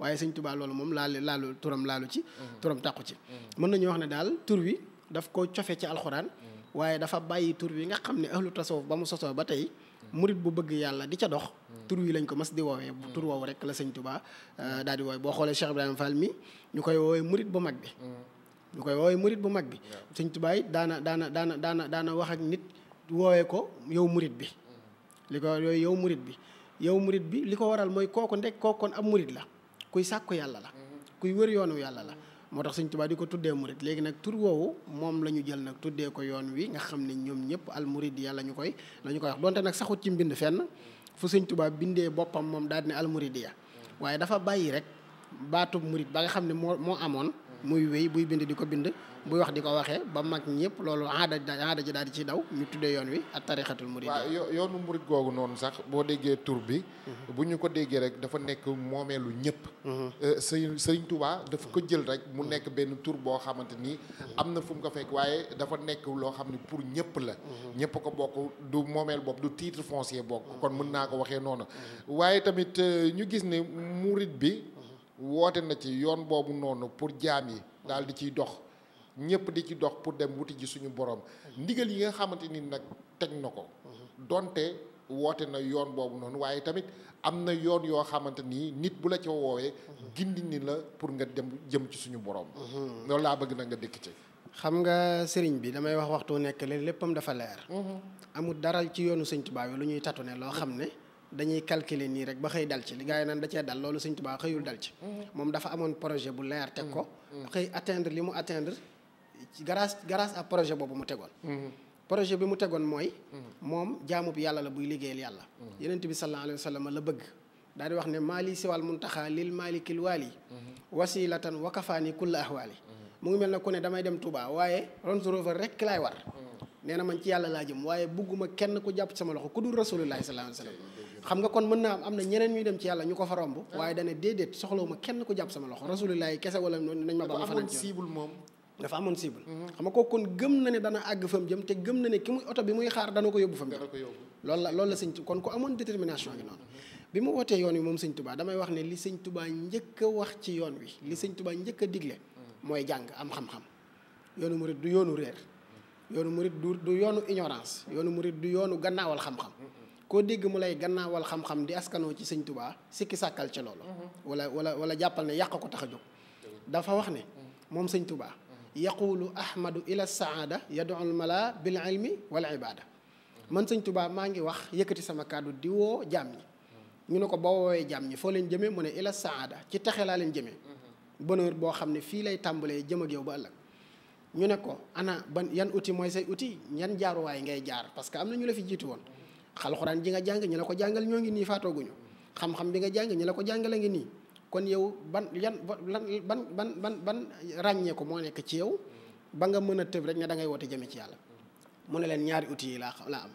waaye sëñ Tuubaa loolu moom laal laalu turam laalu ci mhm. turam tàqu ci mhm. mën nañu wax ne daal tur wi daf ko cofe ci alxuraan mhm. waaye dafa bàyyi tur wi nga xam ne ahlu tasawuf ba mu sosoo ba tey murit bu bëgg yàlla di ca dox tur wi lañ ko mas di woowee tur woowu rek la sëñ Tuubaa euh, daal di woowe boo xoolee Cheikh Ibrahima Fall mi ñu koy woowee murit bu mag bi ñu koy woowee murit bu mag bi sëñ Tuubaa it daana daana daana daana daana wax ak nit woowee ko yow murit bi li ko yooyu yow murit bi yow murit bi li ko waral mooy kooku ndek kookoon ab murit la kuy sàkku yàlla la kuy wër yoonu yàlla la moo tax sëñ Tuubaa di ko tuddee murit léegi nag tur woowu moom la ñu jël nag tuddee ko yoon wi nga xam ne ñoom ñëpp al murid yàlla koy la ñu koy wax donte nag saxut ci mbind fenn fu sëñ Tuubaa bindee boppam moom daal di ne al muridiya waaye dafa bàyyi rek baatub murit ba nga xam ne moo moo amoon muy wéy buy bind di ko bind buy wax di ko waxee ba mag ñëpp loolu aada aada ji daal ci daw ñu tuddee yoon wi ak tarixatul murid waaw yoonu murid googu noonu sax boo déggee tur bi mhm. bu ñu ko déggee rek dafa nekk moomeelu ñëpp sëñ sëriñ Tuubaa dafa ko jël rek mu mhm. nekk benn tur boo xamante ni mhm. am na fu ko fekk waaye dafa nekk loo xam ne pour ñëpp la ñëpp ko bokk du moomeel bopp du titre foncier bokk kon mën naa ko waxee noonu waaye tamit euh, ñu gis ne murid bi woote na ci yoon boobu noonu pour jaam yi daal di ciy dox ñëpp di ci dox pour dem wuti ci suñu borom ndigal yi nga xamante ni nag teg na ko donte woote na yoon boobu noonu waaye tamit am na yoon yoo xamante nii nit bu la ca woowee gindi ni la pour nga dem jëm ci suñu borom loolu laa bëgg nag nga dëkk ci xam nga sëriñ bi damay wax waxtu nekk li léppam dafa leer mhm. amul dara ci yoonu sëñ Tuubaa yi lu ñuy tatu ne loo xam ne dañuy calculer nii rek ba xëy dal ci li gars yi naan da cee dal loolu sañ Tuubaa xëyul dal ci. Mm-hmm. moom dafa amoon projet bu leer teg ko. Mm-hmm. xëy atteindre li mu atteindre ci grâce grâce à projet boobu mu tegoon. Mm-hmm. projet bi mu tegoon mooy. moom jaamub yàlla la buy liggéeyal yàlla. yonent bi sallallahu alayhi wa sallam la bëgg. daal di wax ne maali siwal muntaxaa lil maalikil waali wasilatan wakafaani kulla ahwaali mu ngi mel ne ku ne damay dem tubaa waaye Range Rover rek laay war nee na man ci yàlla laa jëm waaye bugguma kenn ku jàpp sama loxo ku dul rasulullahi sallallahu alayhi xam nga kon mën naa am am na ñeneen ñuy dem ci yàlla ñu ko fa romb waaye dane déedéet soxlawuma kenn ko jàpp sama loxo rasulullah kese wala nañ ma ba ma fanaan cible moom dafa amoon cible mhm. xam nga ko kon gëm na ne dana àgg fam jëm te gëm na ne ki muy oto bi muy xaar dana ko yóbbu fam mu jëm loolu la loolu la sëñ kon ku amoon détermination gi noonu mhm. bi mu wootee yoon wi moom sëñ tubaa damay wax ne li sëñ tubaa njëkk wax ci yoon wi li sëñ tubaa njëkk a digle mhm. mooy jàng am xam-xam yoonu murit du yoonu réer yoonu murit du du yoonu ignorance yoonu murit yoonu gannaawal xam koo dégg mu lay gannaawal xam-xam di askanoo ci sëñ tubaa sikki sàkkal ci loolu mhm. wala wala wala jàppal ne yàq ko tax a jóg dafa wax ne mhm. moom sëñ tubaa yaqulu ahmadu ila saada yadul mala bil ilmi wal ibada mhm. man sëñ tubaa maa ngi wax yëkkati sama kàddu di woo ne ko boo woowee jaam ñi foo leen jëmee mu ne ila saada ci texe laa leen jëmee bonheur boo xam ne fii lay tàmbalee jëm ak yow ba ëllëg ñu ne ko ana ban yan outil mooy say outil yan jaaruwaay ngay jaar parce que am na ñu la fi jiitu woon alxuraan ji nga jàng ñi la ko jàngal ñoo ngi nii faatooguñu xam-xam bi nga jàng ñi la ko jàngale ngi nii kon yow ban yan lan ban ban ban ban ràññee ko moo nekk ci yow ba nga mën a tëb rek ne da ngay woote jëme ci yàlla mu ne leen ñaari outils yi laa laa am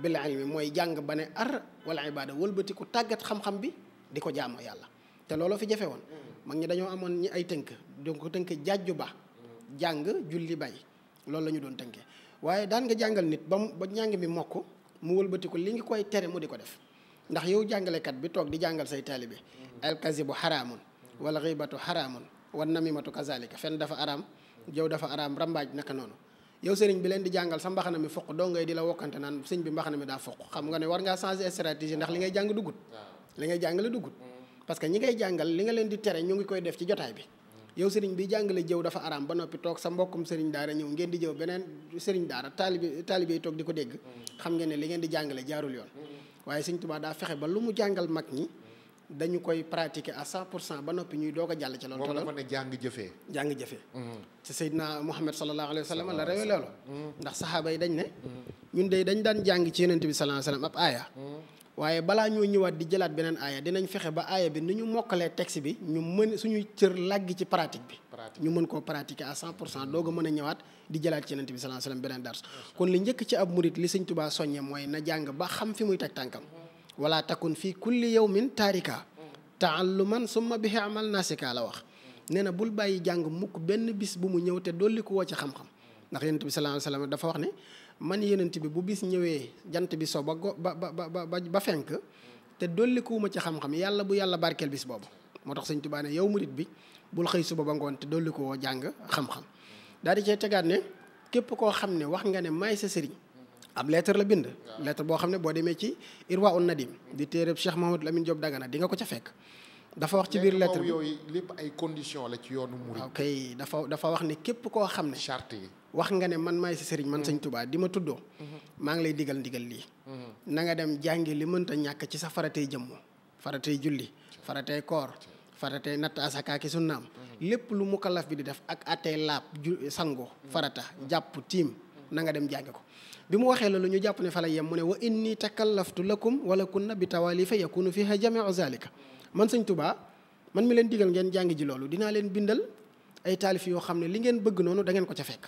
bil ilmi mooy jàng ba ne ar wala ibada wëlbatiku tàggat xam-xam bi di ko jaamoo yàlla te looloo fi jafe woon mag ñi dañoo amoon ñi ay tënk donc ko tënk jàjju ba jàng julli bay loolu la ñu doon tënkee waaye daan nga jàngal nit ba ba njàng mi mokk mu wëlbati li ngi koy tere mu di ko def ndax yow jàngalekat bi toog di jàngal say taalibe mm-hmm. alkazibu xaraamun wala xibatu xaraamun wan namimatu kazalika fenn dafa araam jow dafa araam rambaaj naka noonu yow sëriñ bi leen di jàngal sa mbaxana mi foq doo ngay di la wokkante naan sëñ bi mbaxana mi daa foq xam nga ne war ngaa changer stratégie ndax li ngay jàng duggut li ngay jàng la duggut mm-hmm. parce que ñi ngay jàngal li nga leen di tere ñu ngi koy def ci jotaay bi yow sëriñ bi jàngale jëw dafa araam ba noppi toog sa mbokkum sëriñ daara ñëw ngeen di jëw beneen sëriñ daara taalibe taalibe yi toog di ko dégg xam nga ne li ngeen di jàngale jaarul yoon waaye sëriñ Tuubaa daa fexe ba lu mu jàngal mag ñi dañu koy pratiquer à sant pour cent ba noppi ñuy doog a jàll ci loolu. te loolu ne jàng jëfee. jàng jëfee. naa mm-hmm. Seydina Muhammad sallallahu alayhi wa sallam la réew loolu. Mm-hmm. ndax saxaaba yi dañ ne. ñun de dañ daan jàng ci yonent bi sallallahu alayhi wa sallam waaye balaa ñoo ñëwaat di jalaat beneen aaya dinañ fexe ba aaya bi ni ñu mokkalee texte bi ñu mën suñuy cër làggi ci pratique bi ñu mën koo pratiquer à cent pour cent doog a mën a ñëwaat di jëlaat ci yonent bi sallallahu alayhi wasallam beneen dars kon li njëkk ci ab murit li sëñ Tuubaa soññe mooy na jàng ba xam fi muy teg tànkam wala takun fii kulli yawmin taarika taalluman summa bihi amal nasika la wax nee na bul bàyyi jàng mukk benn bis bu mu ñëw te dolli ko woo ci xam ndax yonent bi sallallahu alayhi dafa wax ne man yonent bi bu bis ñëwee jant bi so ba go ba ba ba ba fenk te dollikuwuma ci xam-xam yàlla bu yàlla barkeel bis boobu moo tax sëñ Tuubaa ne yow murit bi bul xëy suba ba ngoon te dolli koo jàng xam-xam daal di cay tegaat ne képp koo xam ne wax nga ne maay sa sëriñ ab lettre la bind lettre boo xam ne boo demee ci Irwa un Nadim di téereb Cheikh Mahamadou Lamine Diop Dagana di nga ko ca fekk dafa wax ci biir lettre bi yooyu lépp ay condition la ci yoonu murit dafa dafa wax ne képp koo xam ne charte yi wax nga ne man maay si sëriñ man mm-hmm. sañ tubaa di ma tuddoo mm-hmm. maa ngi lay digal ndigal lii mm-hmm. na nga dem jàngi li mënta ñàkk ci sa faratey jëmm faratey julli faratey koor faratey natt asaka ki naam lépp lu mu mukallaf bi di def ak atey laab ju sango farata jàpp tiim na nga dem jàngi ko bi mu waxee loolu ñu jàpp ne fa la yem mu ne wa inni takallaftu lakum wala kunna bi tawalifa yakunu fiha jamiu zalika man sañ tubaa man mi leen digal ngeen jàngi ji loolu dinaa leen bindal ay taalif yoo xam ne li ngeen bëgg noonu da ngeen ko ca fekk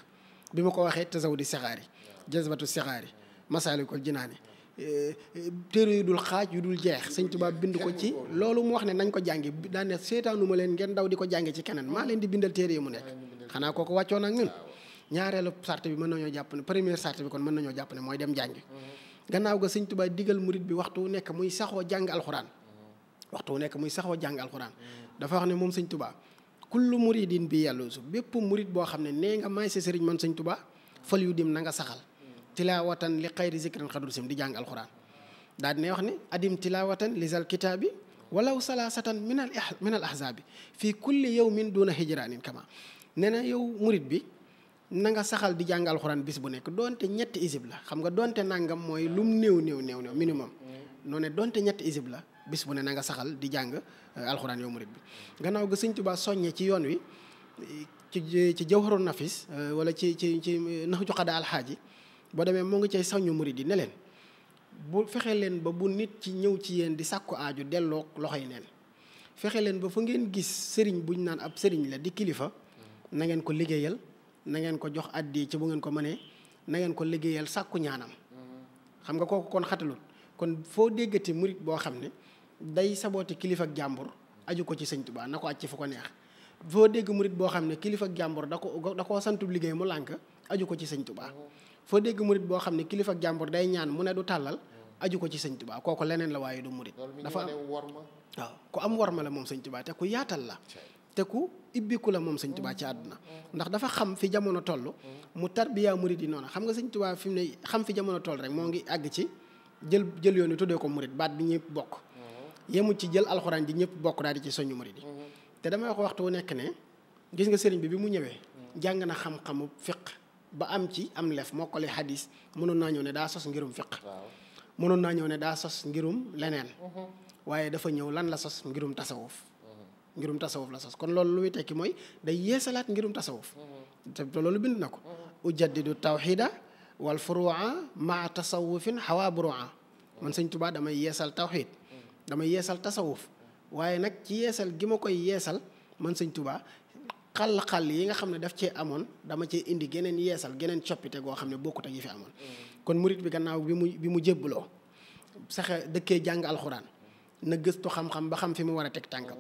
bi ma ko waxee tasawudi sixaar yi jazbatu sixaar yi masaalikul jinaani eh, eh, téere yu dul xaaj yu dul jeex sëñ Tuubaa bind ko ci loolu mu wax ne nañ ko jàngi daan ne seetaanu leen ngeen daw di ko jàngi ci keneen maa leen di bindal téere yi mu nekk xanaa kooko wàccoon ak ñun ñaareelu sart bi mën nañoo jàpp ne première sart bi kon mën nañoo jàpp ne mooy dem jàngi gannaaw ga sëñ Tuubaa digal murit bi waxtu wu nekk muy saxoo jàng alxuraan waxtu wu nekk muy saxoo jàng alxuraan dafa wax ne moom sëñ kullu muridin bi yàllusu bépp murid boo xam ne nee nga maay sa sëriñ man sëñ Tuubaa fal yu dim nanga nga saxal tilawatan li xayri zikrin xadul sim di jàng alxuraan daal dina wax ne adim tilawatan lisal kitaabi walaw salaasatan min al min al bi fii kulli yawmin duuna hijraanin kama nee na yow murid bi na nga saxal di jàng alxuraan bis bu nekk donte ñetti isib la xam nga donte nangam mooy lum néew néew néew néew minimum noo ne donte ñetti isib la bis bu ne nanga saxal di jàng euh, alxuraan yow murid bi gannaaw ga sëñ Tuubaa soññe ci yoon wi ci ci jawharu nafis euh, wala ci ci ci euh, nax ju xada alxaaji boo demee moo ngi cay soññu murid yi ne leen bu fexe leen ba bu nit ci ñëw ci yéen di sàkku aaju delloo loxo yi neen fexe leen ba fu ngeen gis sëriñ buñ naan ab sëriñ la di kilifa na ngeen ko liggéeyal na ngeen ko jox addi ci bu ngeen ko mënee na ngeen ko liggéeyal sàkku ñaanam mm-hmm. xam nga kooku kon xatalut kon foo déggati murit boo xam ne day sabooti kilifa ak jàmbur aju ko ci sëñ Tuubaa na ko acc fu ko neex foo dégg murit boo xam ne kilifa ak jàmbur da ko da koo santub liggéey mu lànk aju ko ci sëñ Tuubaa foo dégg murit boo xam ne kilifa jàmbur day ñaan mu ne du tàllal aju ko ci sëñ Tuubaa kooku leneen la waaye du murit dafa am warma waaw ku am warma la moom sëñ Tuubaa te ku yaatal la te ku ibbiku la moom sëñ Tuubaa ci àdduna mm-hmm. ndax dafa xam fi jamono toll mu tarbiya murit yi noonu xam nga sëñ Tuubaa fi mu ne xam fi jamono toll rek moo ngi àgg ci jël jël yoon wi tuddee ko murit baat bi ñëpp bokk mm-hmm. yemul ci jël alxuraan ji ñëpp bokk daal di ci soñu murit yi mm-hmm. te damay wax waxtu wu nekk ne gis nga sëriñ bi bi mu ñëwee mm-hmm. jàng na xam-xamu fiq ba am ci am lef moo ko lee hadis mënoon naa ñëw ne daa sos ngirum fiq mënoon naa ñëw ne daa sos ngirum leneen waaye dafa ñëw lan la sos ngirum tasawuf ngirum tasawuf la sos kon loolu lu muy tekki mooy day yeesalaat ngirum tasawuf te loolu bind na ko ujaddidu tawxida wal furuwa maa tasawufin xawaa buruwa man sañ tubaa damay yeesal tawxiid damay yeesal tasawuf waaye nag ci yeesal gi ma koy yeesal man sañ tubaa xàll-xàll yi nga xam ne daf cee amoon dama cee indi geneen yeesal geneen coppite goo xam ne bokkut ak yi fi amoon kon murit bi gannaaw bi mu bi mu jébbaloo saxe dëkkee jàng alxuraan na gëstu xam-xam ba xam fi mu war a teg tànkam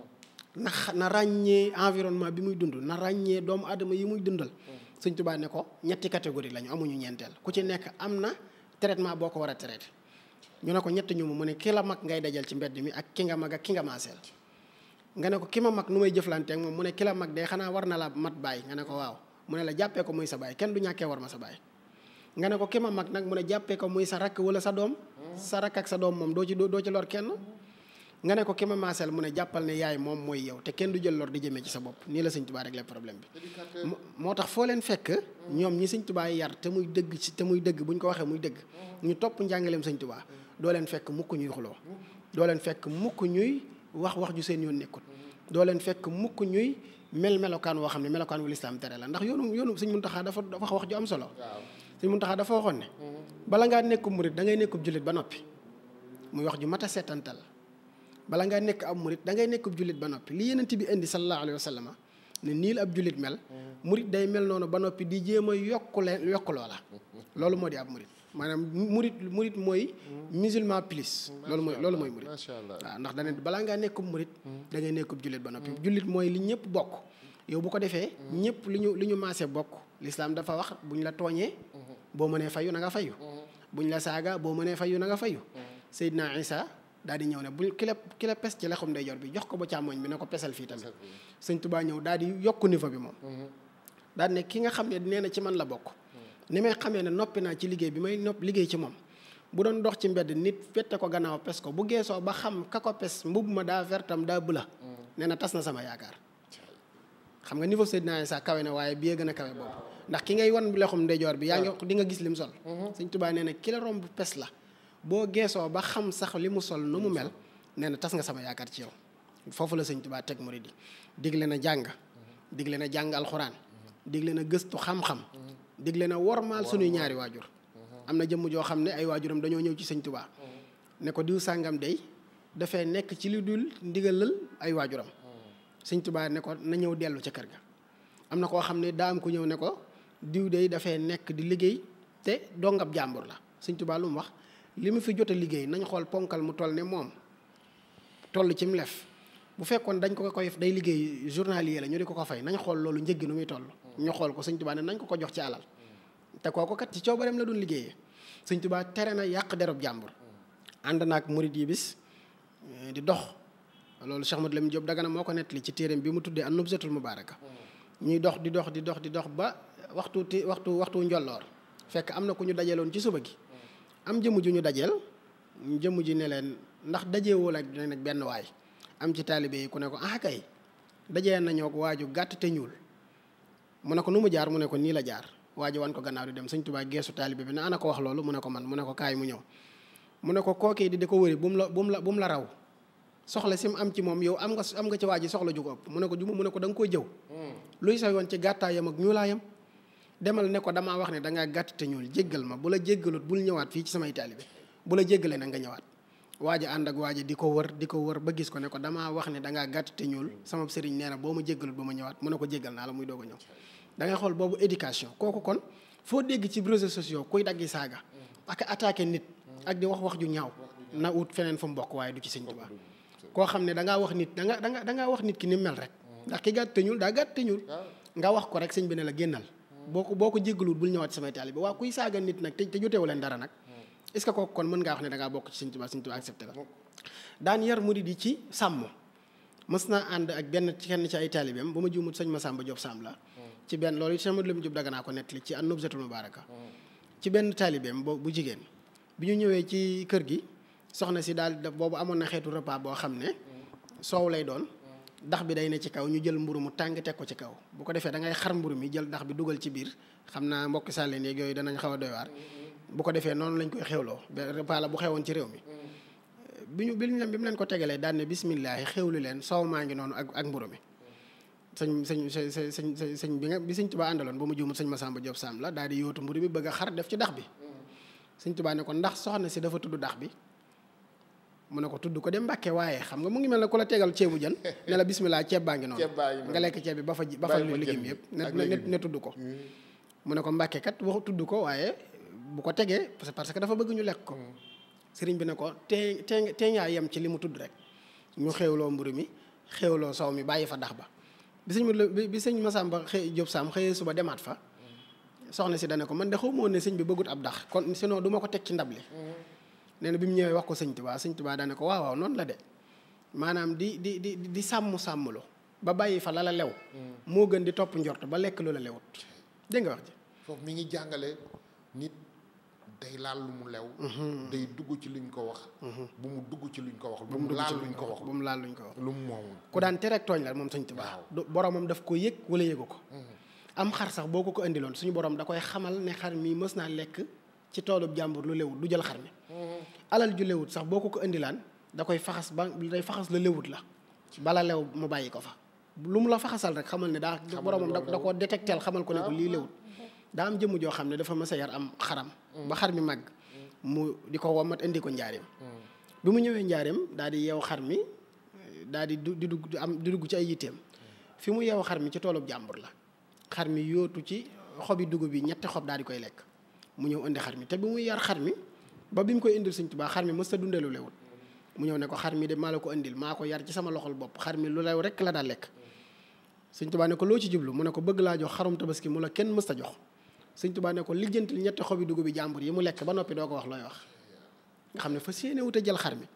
na na ràññee environnement bi muy dund na ràññee doomu aadama yi muy dundal sëñ Tuubaa ne ko ñetti catégorie lañu amuñu ñeenteel ku ci nekk am na traitement boo ko war a traité ñu ne ko ñett ñu mu ne ki mag ngay dajal ci mbedd mi ak ki nga mag ki nga maaseel nga ne ko ki ma mag nu may jëflante moom mu ne ki mag de xanaa war na la mat baay nga ne ko waaw mu ne la jàppee ko muy sa baay kenn du ñàkkee war ma sa baay nga ne ko ki ma mag nag mu ne jàppee ko muy sa rakk wala sa doom sa rakk ak sa doom moom doo ci doo ci lor kenn nga ne ko ki ma maaseel mu ne jàppal ne yaay moom mooy yow te kenn du jël lor di jëmee ci sa bopp nii la sëñ tubaa réglé problème bi moo tax foo leen fekk ñoom ñi sëñ tubaa yar te muy dëgg ci te muy dëgg bu ñu ko waxee muy dëgg ñu topp njàngaleem sëñ tubaa doo leen fekk mukk ñuy xuloo doo leen fekk mukk ñuy wax wax ju seen yoon nekkut doo leen fekk mukk ñuy mel melokaan woo xam ne melokaan wu lislaam tere la ndax yoonu yoonu sëñ Muntaxaa dafa wax wax ju am solo sëñ Muntaxaa dafa waxoon ne mm-hmm. bala ngaa nekkub murit da ngay nekkub jullit ba noppi muy wax ju mat a seetantal bala ngaa nekk ab murit da ngay nekkub jullit ba noppi li yenent bi indi sallallahu alayhi wa sallam ne nii la ab jullit mel murit day mel noonu ba noppi di jéem a yokkule yokk loola loolu moo di ab murit maanaam murit murit mooy musulman plus loolu mooy loolu mooy murit waaw ndax dane balaa ngaa nekkub murit hmm. da ngay nekkub jullit ba noppi hmm. jullit mooy li ñëpp bokk yow bu ko defee hmm. ñëpp li ñu li ñu maase bokk lislaam dafa wax bu ñu la tooñee boo mënee fayu na nga fayu bu la saaga boo mënee fayu na nga fayu daal di ñëw ne bu ki la pes ci lexum ndeyjoor bi jox ko ba càmmoñ bi ne ko pesal fii tamit sëñ Tuubaa ñëw daal di yokk niveau bi moom mhm. daal ne ki nga xam ne nee na ci man la bokk mhm. ni may xamee ne noppi naa ci liggéey bi may nopp liggéey ci moom bu doon dox ci mbedd nit fette ko gannaaw pes ko bu geesoo ba xam ka ko pes mbub ma daa tam daa bula mhm. nee na tas na sama yaakaar xam nga niveau Seydina sa kawe na waaye biyee gën a kawe boobu ndax ki ngay wan lexum ndeyjoor bi yaa ngi ah. di nga gis lim sol sëñ Tuubaa nee na ki la romb pes la boo geesoo ba xam sax li mu sol nu mu mel nee na tas nga sama yaakaar ci yow foofu la sëñ Tuubaa teg murid yi digle na jàng digle na jàng alxuraan digle na gëstu xam-xam digle na wormaal suñuy ñaari waajur am na jëmm joo xam ne ay waajuram dañoo ñëw ci sëñ Tuubaa ne ko diw sàngam day dafay nekk ci lu dul ndigalal ay waajuram sëñ Tuubaa ne ko na ñëw dellu ca kër ga am na koo xam ne daa am ku ñëw ne ko diw day dafay nekk di liggéey te dongab jàmbur la sëñ Tuubaa li mu fi jot a liggéey nañ xool ponkal mu toll ne moom toll ci mu lef bu fekkoon dañ ko ko koy day liggéey journalier la ñu di ko ko fay nañ xool loolu njëggi nu muy toll ñu xool ko sëñ tubaa ne nañ ko ko jox ci alal te kooku kat ci coobareem la doon liggéeyee sëñ tubaa tere na yàq derub jàmbur ànd na naag murid yi bis eh, di dox loolu Cheikh Ahmadou Lamine Diop Dagana moo ko nettali ci téereem bi mu tuddee an-Nubzatul Mubaraka ñuy dox di dox di dox di dox ba waxtu ti waxtu waxtu njolloor fekk am na ku ñu dajaloon ci suba gi am jëmm ju ñu dajeel jëmm ji ne leen ndax dajeewoo la nag benn waay am ci taalibe yi ku ne ko ah kay dajee nañoo ko waaju gàtt te ñuul mu ne ko nu mu jaar mu ne ko nii la jaar waaju wan ko gannaaw di dem sëñ Tuubaa geesu taalibe bi ne ana ko wax loolu mu ne ko man mu ne ko kaay mu ñëw mu ne ko kookee di di ko wëri bu mu la bu mu la bu mu la raw soxla si mu am ci moom yow am nga am nga ci waa ji soxla ju ko mu ne ko ju mu ne ko da nga jëw hmm. luy sa yoon ci gàttaayam ak ñuulaayam demal ne ko damaa wax ne dangaa gàtt te ñuul jéggal ma bu la jéggalut bul ñëwaat fii ci samay taalibe bu la jéggalee na nga ñawaat waaja a ànd ak waaj di ko wër di ko wër ba gis ko ne ko damaa wax ne dangaa gàtt te ñuul sama sëriñ nee na boo ma jéggalut ba ma ñëwaat mu ne ko jéggal naa la muy doog a ñëw xool boobu éducation kooku kon foo dégg ci réseaux sociaux kuy daggi saaga ak attaqué nit ak wax wax ju ñaaw na ut fu mu bokk waaye du ci sëñ Tuubaa koo xam ne dangaa wax nit danga danga dangaa wax nit ki ni mel rek ndax ki gàtt te ñuul daa gàtt te ñuul nga wax ko rek sëñ bi ne la génnal boo ko boo ko jéggaluwul bul ñëwaat samay taalibe waaw kuy saaga nit nag te te jotewu leen dara nag hmm. est ce que kooku kon mën ngaa wax ne da ngaa bokk ci Sëñ Tuubaa Sëñ Tuubaa accepté la hmm. daan yar ànd ak benn ci kenn ci ay taalibeem ba ma juumut sëñ Masamba Diop Samb la hmm. ci benn loolu sëñ Madou Lamine Diop daga naa ko nettali ci An-Nubzatul Mubaaraka ci benn taalibeem bu jigéen bi ñu ñëwee ci kër gi soxna si daal boobu amoon na xeetu repas boo xam ne soow lay doon dax bi day ne ci kaw ñu jël mburu mu tàng teg ko ci kaw bu ko defee da ngay xar mburu mi jël dax bi dugal ci biir xam naa mbokk sàlleen yeeg yooyu danañ xaw a doy waar bu ko defee noonu lañ koy xewloo repas la bu xewoon ci réew mi bi ñu bi ñu leen bi leen ko tegalee daan ne bisimilah xewlu leen soow maa ngi noonu ak ak mburu mi sëñ sëñ sëñ sëñ sëñ bi nga bi sëñ Tuubaa àndaloon ba mu sañ ma Masamba Diop Sam la daal di yóotu mburu mi bëgg a xar def ci dax bi sëñ Tuubaa ne ko ndax soxna si dafa tudd dax bi mu ne ko tudd ko dem Mbàkke waaye xam nga mu ngi mel ne ku la tegal ceebu jën *laughs* ne la bismillah ceeb baa ngi noonu nga lekk ceeb bi ba fa ba fa légumes yëpp ne tudd ko hmm. mu ne ko Mbàkke kat tudd ko waaye bu ko tegee parce que dafa bëgg ñu lekk ko hmm. sëriñ bi ne ko tee tee tee ngaa yem ci li mu tudd rek ñu xéewloo mburu mi xéewloo soow mi bàyyi fa dax ba bi sëñ bi sëñ Masamba xëy Jóob Saam xëyee suba demaat fa hmm. soxna si dana ko mën de xaw ma ne sëñ bi bëggut ab dax kon sinon du ma ko teg ci ndab li nee bi mu ñëwee wax ko sëñ Tuubaa sëñ Tuubaa ko waaw waaw noonu la de maanaam di di di di sàmm sàmmlu ba bàyyi fa lala lew. Mm. moo gën di topp njort ba lekk loola lewut dégg nga wax ji. mi ngi jàngale nit day laal lu mu lew. Mm-hmm. day dugg ci luñ ko wax. Mm-hmm. bu mu dugg ci luñ ko wax. bu mu laal luñ ko wax bu laal luñ ko wax. lu mu moomul ku daan tere tooñ la moom sëñ Tuubaa. boromam daf ko yëg wala yëgu ko. Mm-hmm. am xar sax boo ko ko indiloon suñu borom da koy xamal ne xar mii mës naa lekk ci toolub jàmbur lu lew du jël xar mi. alal ju lewut sax boo ko ko indilaan da koy faxas ba day faxas la lewut la bala lew mu bàyyi ko fa lu mu la faxasal rek xamal ne daa boromam da ko détecteel xamal ko ne ko ah. lii lewut daa am jëmm joo xam ne dafa mës a yar am xaram mm. ba xar mi màgg mm. mu di ko womat indi ko njaareem mm. bi mu ñëwee njaareem daal di yeew xar mi daal di du di dugg am di dugg ci ay yitteem fi mu yeew xar mi ci toolub jàmbur la xar mi yootu ci xobi dugub bi ñetti xob daal di koy lekk mu ñëw indi xar mi te bi muy yar xar mi ba bi mu koy indil sëñ Tuubaa xar mi mës ta dundee lu lewut mu ñëw ne ko xar mi de maa la ko indil maa ko yar ci sama loxol bopp xar mi lu lew rek la daa lekk sëñ Tuubaa ne ko loo ci jublu mu ne ko bëgg laa jox xarum tabaski mu la kenn mës ta jox sëñ Tuubaa ne ko lijjantil ñetti xobi dugub bi jàmbur yi mu lekk ba noppi doo ko wax looy wax nga xam ne fas yéene wut a jël xar mi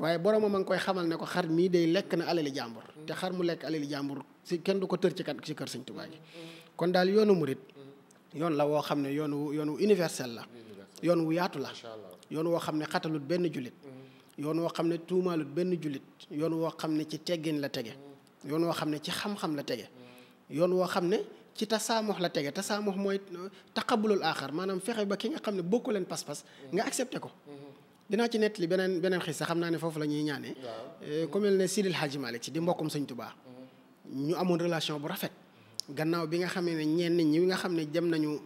waaye boromam a ngi koy xamal ne ko xar mii day lekk na alali jàmbur te xar mu lekk alali jàmbur si kenn du ko tër ci kan ci kër sëñ Tuubaa gi kon daal yoonu murit yoon la woo xam ne yoonu yoonu universel la yoon wu yaatu la yoon woo xam ne xatalut benn jullit mm-hmm. yoon woo xam ne tuumaalut benn jullit yoon woo xam ne ci teggin la tege mm-hmm. yoon woo xam ne ci xam-xam la tege mm-hmm. yoon woo xam ne ci tasaamux la tege tasaamux mooy euh, taqabulul aaxar maanaam fexe ba ki nga xam ne bokku leen pas-pas nga accepté ko dinaa ci nettali beneen beneen xiis sax xam naa ne foofu la ñuy ñaanee euh, ku mel ne Sidil Hadji ci di mbokkum Sëñ Tuubaa ñu amoon relation bu rafet gannaaw bi nga xamee ne ñenn ñi nga xam ne jëm nañu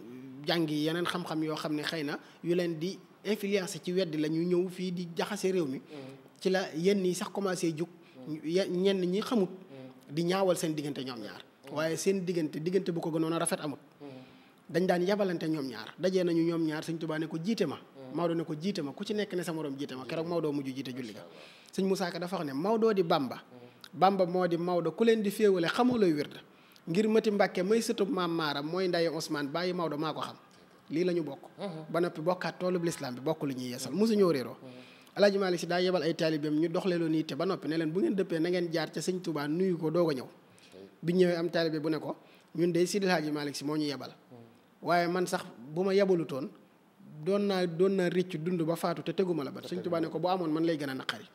jàngi yeneen xam-xam yoo xam ne xëy na yu leen di influencé ci weddi la ñu ñëw fii di jaxase réew mi ci la yenn yi sax commencé jug ñenn ñi xamut di ñaawal seen diggante ñoom ñaar waaye seen diggante diggante bu ko gënoon a rafet amut dañ daan yabalante ñoom ñaar dajee nañu ñoom ñaar sëñ Tuubaa ne ko jiite ma Maodo ne ko jiite ma ku ci nekk ne sa morom jiite ma keroog Maodo mujj jiite julli ga sëñ Moussa Ka dafa wax ne Maodo di Bamba Bamba moo di Maodo ku leen di féewale xamulooy wird ngir Mati Mbàkke may sëtub maam maaram mooy ndaye Ousmane bàyyi Maodo maa ko xam lii la ñu bokk mhm. ba noppi bokkaat toolub lislaam bi bokk lu ñuy yeesal mosu ñoo réeroo mhm. alaaji Maalik si daa yebal ay taalibeem ñu doxle loo nii te ba noppi ne leen bu ngeen dëppee na ngeen jaar ca sëñ Tuubaa nuyu ko doo a ñëw bi ñëwee am taalibe bu ne ko ñun day Sidi Alaaji Maalik si moo ñu yebal mhm. waaye man sax bu ma yebalutoon doon naa doon naa rëcc dund ba faatu te teguma la bat sëñ Tuubaa ne ko boo amoon man lay gën a naqari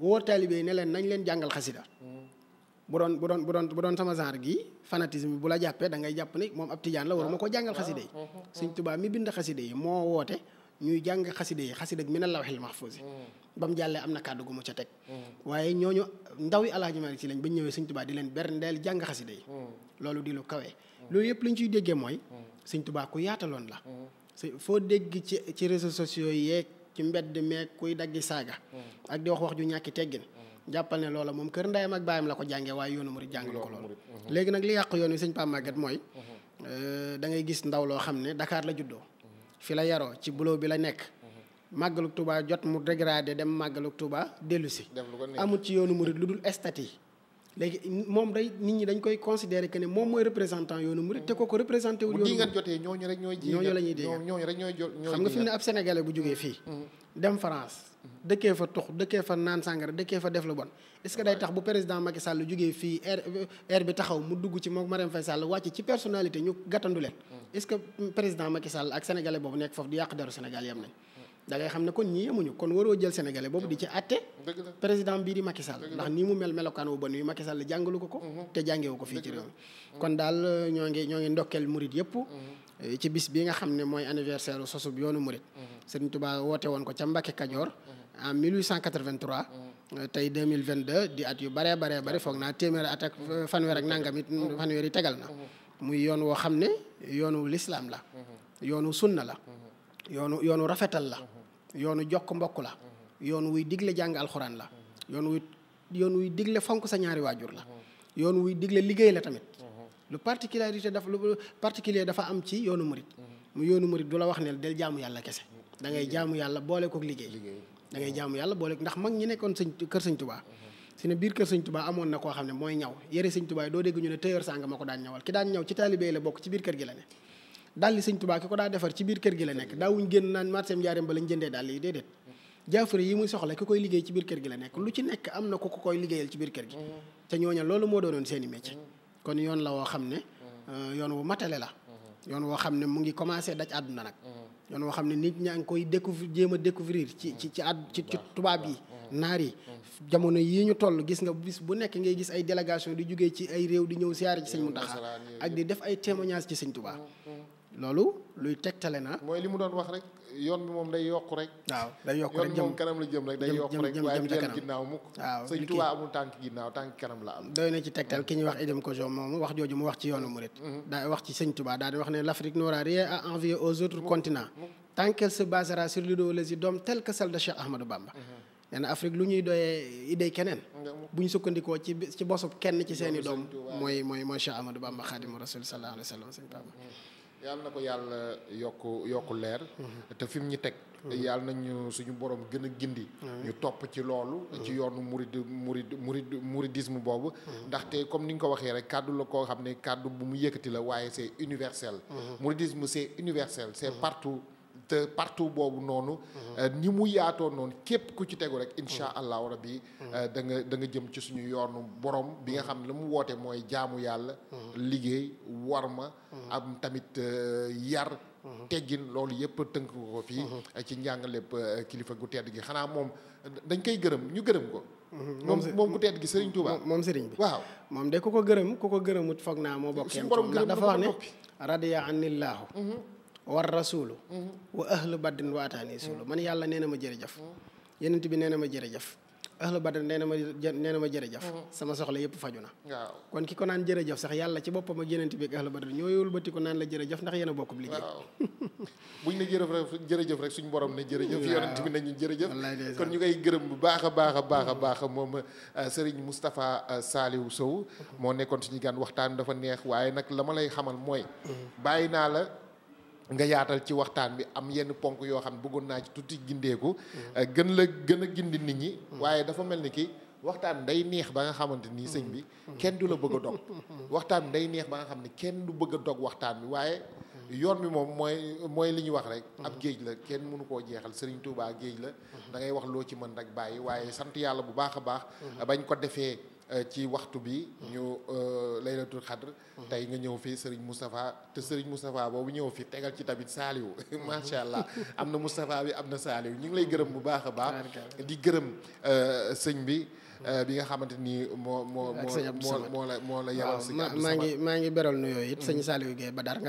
woo ne leen nañ leen jàngal xasida bu doon bu doon bu doon bu doon sama genre gi fanatisme bu la jàppee da ngay jàpp ni moom ab tijaan la waruma ah. ko jàngal xaside yi ah. ah. Sëñ Tuubaa mi bind xaside yi moo woote ñuy jàng xaside yi xaside mi na lawhil mahfuus ba mu jàllee am na kàddu gu ca teg waaye ñooñu ndaw yi Alaaji Maalik Si lañ ba ñëwee Sëñ Tuubaa di leen berndeel jàng xaside yi loolu di lu kawee loolu yëpp lu ñu ciy déggee mooy Sëñ Tuubaa ku yaataloon la foo dégg ci ci réseaux sociaux yeeg ci mbedd meeg kuy daggi saaga ak di wax wax ju ñàkki teggin jàppal ne loola moom kër ndayam ak baayam la ko jàngee waaye yoonu murid jàngalu ko loolu mhm. léegi nag li yàq yoon wi sëñ Pape mooy mhm. euh, da ngay gis ndaw loo xam ne Dakar la juddoo mhm. fi la yaroo ci bulo bi la nekk màggaluk Touba jot mu dégradé dem màggaluk Touba dellu si ci yoonu murid lu dul statut léegi moom day nit ñi dañ koy considérer que ne moom mooy représentant yoonu murid te kooku représenté wul yoonu murid jotee ñooñu rek ñooy ñooñu la ñuy dégg ñooñu rek ñooy xam nga fi mu ne ab sénégalais dëkkee fa tux dëkkee fa naan sàngara dëkkee fa def lu bon est-ce que day tax bu président Macky Sall jógee fii air air bi taxaw mu dugg ci moom Marème Faye Sall wàcc ci personnalité ñu gàttandu leen mm. est-ce que président Macky Sall ak sénégalais boobu nekk foofu di yàq deru Sénégal yam nañ da xam ne kon ñii yemuñu kon waroo jël sénégalais boobu di ci àtte président bii di Macky Sall ndax nii mu mel melokaan wu bon yi Macky Sall jàngalu ko ko mm-hmm. te jàngewu ko fii ci réew mi mm-hmm. kon daal euh, ñoo ngi Eh, ci bis bi nga xam ne mooy anniversaire sosub yoonu murit mhm. Serigne Touba woote woon ko ca Mbacké Kajoor mhm. en 1883 mhm. eh, tey 2022 di at yu baree baree bari foog naa téeméer at ak fanweer ak nangam it fanweer yi tegal na muy yoon woo xam ne yoonu lislaam la yoonu sunna la yoonu yoonu rafetal la yoonu jokk mbokk la yoon wuy digle jàng alxuraan la yoon wuy yoon wuy digle fonk sa ñaari waajur la yoon wuy digle liggéey la tamit lu particularité dafa lu particulier dafa am ci yoonu murit mu mm-hmm. yoonu murit du la wax ne del jaamu yàlla kese mm-hmm. da ngay jaamu yàlla boole kook liggéey da ngay jaamu yàlla boole ndax mag ñi nekkoon sëñ kër sëñ tubaa si mm-hmm. ne biir na koo xam ne mooy ñaw yëre sëñ tubaa yi doo dégg ñu ne tailleur sàng ma ko daan ñawal ki daan ñaw ci taalibé la bokk ci ci biir kër gi la nekk daawuñ génn naan marseem jaareem ba lañ jëndee dàll yi déedéet jaafare yi muy soxla ki koy liggéey ci biir kër gi la nekk lu ci nekk am na ku ko koy liggéeyal ci biir kër gi te ñooña loolu moo doonoon seeni métier kon yoon la woo xam ne euh, yoon wu matale la yoon woo xam ne mu ngi commencé daj àdduna nag yoon woo xam ne nit ñaa ngi koy découvrir jéema a découvrir ci ci ci àdd ci tubaab yi naar yi mm. jamono yii ñu toll gis nga bis bu nekk ngay gis ay délégation di jógee ci ay réew di ñëw siyaare ci sëñ Muntaxa ak di def ay témoignages ci sëñ Tuubaa mm, mm. loolu luy tegtale na yoon bi moom day yokk rek. waaw day yokk rek jëm yoon moom kanam la jëm rek day yokk rek waaye du jël ginnaaw mukk. waaw sëñ Tuubaa amul tànk ginnaaw tànk kanam la am. doy na ci tegtal ki ñuy wax Idem Kojo moom wax jooju mu wax ci yoonu murit. Mm-hmm. daa wax ci sëñ Tuubaa daa di wax ne l'Afrique n'aura rien à envier aux autres continents tant qu'elle se basera sur l'idéologie d'hommes telle que celle de Cheikh Ahmadou Bamba. Mm-hmm. nee na Afrique lu ñuy doyee idée keneen bu ñu sukkandikoo ci ci bosub kenn ci seen i doom mooy mooy mooy Cheikh Ahmadou Bamba Xaadimu Rasuul sallallahu alayhi wa sallam sëñ Bamba mm-hmm. yàlla na ko yàlla yokk yokk leer. Mhm. te fim mu ñu teg. Mhm. yàlla ñu suñu borom gën a gindi. Mhm. ñu topp ci loolu. ci yoonu murid murid murid muridisme boobu. ndaxte comme ni nga ko waxee rek kàddu la koo xam ne kàddu bu mu yëkkati la waaye c'est universel. muridisme c'est universel c'est partout. te partout boobu noonu. Euh, ni mu yaatoo noonu képp ku ci tegu rek. incha allahu rabi. Euh, da danga jëm ci suñu yoonu borom bi nga xam ne la mu woote mooy jaamu yàlla. liggéey war ma. am tamit euh, yar. teggin loolu yëpp tënk ko fii. ci njàngaleeb kilifa gu tedd gi xanaa moom dañ koy gërëm ñu gërëm ko. Mhm. moom moom ku tedd gi Serigne Touba moom Serigne bi waaw. moom de ku ko gërëm ku ko gërëmut foog naa moo bokk. suñu borom dafa wax ne radiya anillahu mhm. war rasulu wa ahlu baddin wa ataani suulu man yàlla nee na ma jërëjëf yenent bi nee na ma jërëjëf ahlu baddin nee na ma nee na ma jërëjëf sama soxla yëpp faju na kon ki ko naan jërëjëf sax yàlla ci boppam ak yenent bi ak ahlu baddin ñoo yowul bëtti ko naan la jërëjëf ndax yéen a bokkub liggéey *laughs* buñ jërëjëf rek suñu borom ne jërëjëf yonent bi nañu jërëjëf kon ñu ngay gërëm bu baax a baax a baax a baax moom euh, Serigne Moustapha euh, Saliou Sow mm-hmm. moo nekkoon ñu gan waxtaan dafa neex waaye nag la ma lay xamal mooy mm-hmm. bàyyi naa la nga yaatal ci waxtaan bi am yenn ponk yoo xam ne bëggoon naa ci tuuti gindeeku. Mm-hmm. Euh, gën la gën a gindi nit ñi. Mm-hmm. waaye dafa mel ni ki waxtaan day neex ba nga xamante ni sëñ bi. Mm-hmm. kenn du la bëgg a dog. waxtaan bi neex ba nga xam ne kenn du bëgg a dog waxtaan bi waaye. yoon bi moom mooy mooy li ñuy wax rek. ab géej la kenn mënu koo jeexal Serigne Touba géej la. da ngay wax loo ci mën rek bàyyi waaye sant yàlla bu baax a baax. bañ ko defee. Euh, ci waxtu bi ñu euh, laylatul xadd mhm. tey nga ñëw fi Serigne Moustapha te Serigne Moustapha boobu ñëw fi tegal ci tamit Saliou *laughs* mhm. macha allah am na Moustapha bi am na Saliou ñu ngi lay gërëm bu baax a baax di gërëm euh, sëñ bi Euh, bi nga xamante ni moo moo moo moo la moo la yebal maa ngi maa ngi beral nuyoo it mm-hmm. sëñ Saliou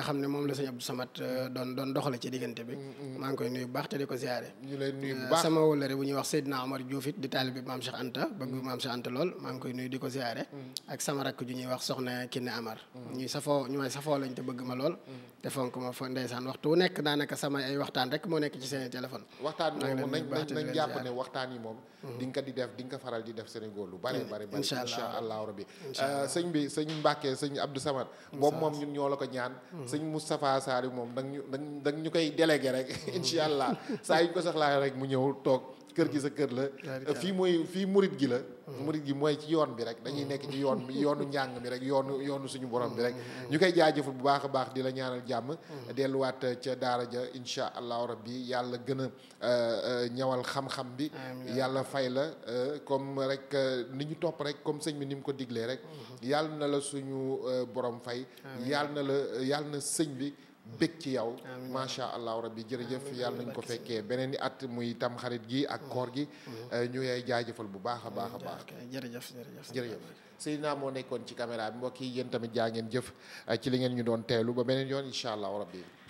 xam ne moom la sëñ Abdou Samad euh, mm-hmm. doon doon doxale ci diggante mm-hmm. koy nuyu bu baax te di ko ziare ñu euh, sama wax Seydina Omar Diouf it di taalibe Maam Cheikh Anta bëgg Maam Cheikh Anta lool maa ngi di ko ziare ak sama wax soxna Kiné Amar ñuy safoo ñu may safoo lañ te ma lool te ma fa ndeysaan waxtu wu nekk daanaka sama ay waxtaan moo nekk ci seen téléphone waxtaan moom nañ jàpp ne waxtaan yi moom di nga di def di faral di def Sénégal lu bare bare bare incha allahu rabbi euh, sëñ bi sëñ Mbàkke sëñ Abdou Samad boobu moom ñun ñoo la ko ñaan hmm. sëñ Moustapha Sari moom dang ñu dang ñu koy délégué rek *laughs* incha allah *laughs* saa yu ñu ko soxlaa rek mu ñëw toog kër gi sa kër la fii mooy fii murit gi la hmm. murit gi mooy ci yoon bi rek dañuy nekk ci yoon bi yoonu njàng mi rek yoonu yoonu suñu borom bi rek hmm, hmm, ñu koy jaajëfal bu baax a baax di la ñaanal jàmm delluwaat ca daara ja insha allahu rabbi yàlla gën a euh, euh, ñawal xam-xam bi yàlla fay la euh, comme rek ni ñu topp rek comme sëñ bi ni mu ko diglee rek yàlla na la suñu borom fay yàlla na la yàlla na sëñ bi bëgg ci yow macha allah rabbi jërëjëf yàlla nañ ko fekkee beneen ni at muy tamxarit gi ak koor gi mm-hmm. eh, ñu yay jaajëfal bu baax a baax a baax jërëjëf jërëjëf jërëjëf Seydina moo nekkoon ci caméra bi mbokk yi yéen tamit jaa ngeen jëf eh, ci li ngeen ñu doon teelu ba beneen yoon incha rab yi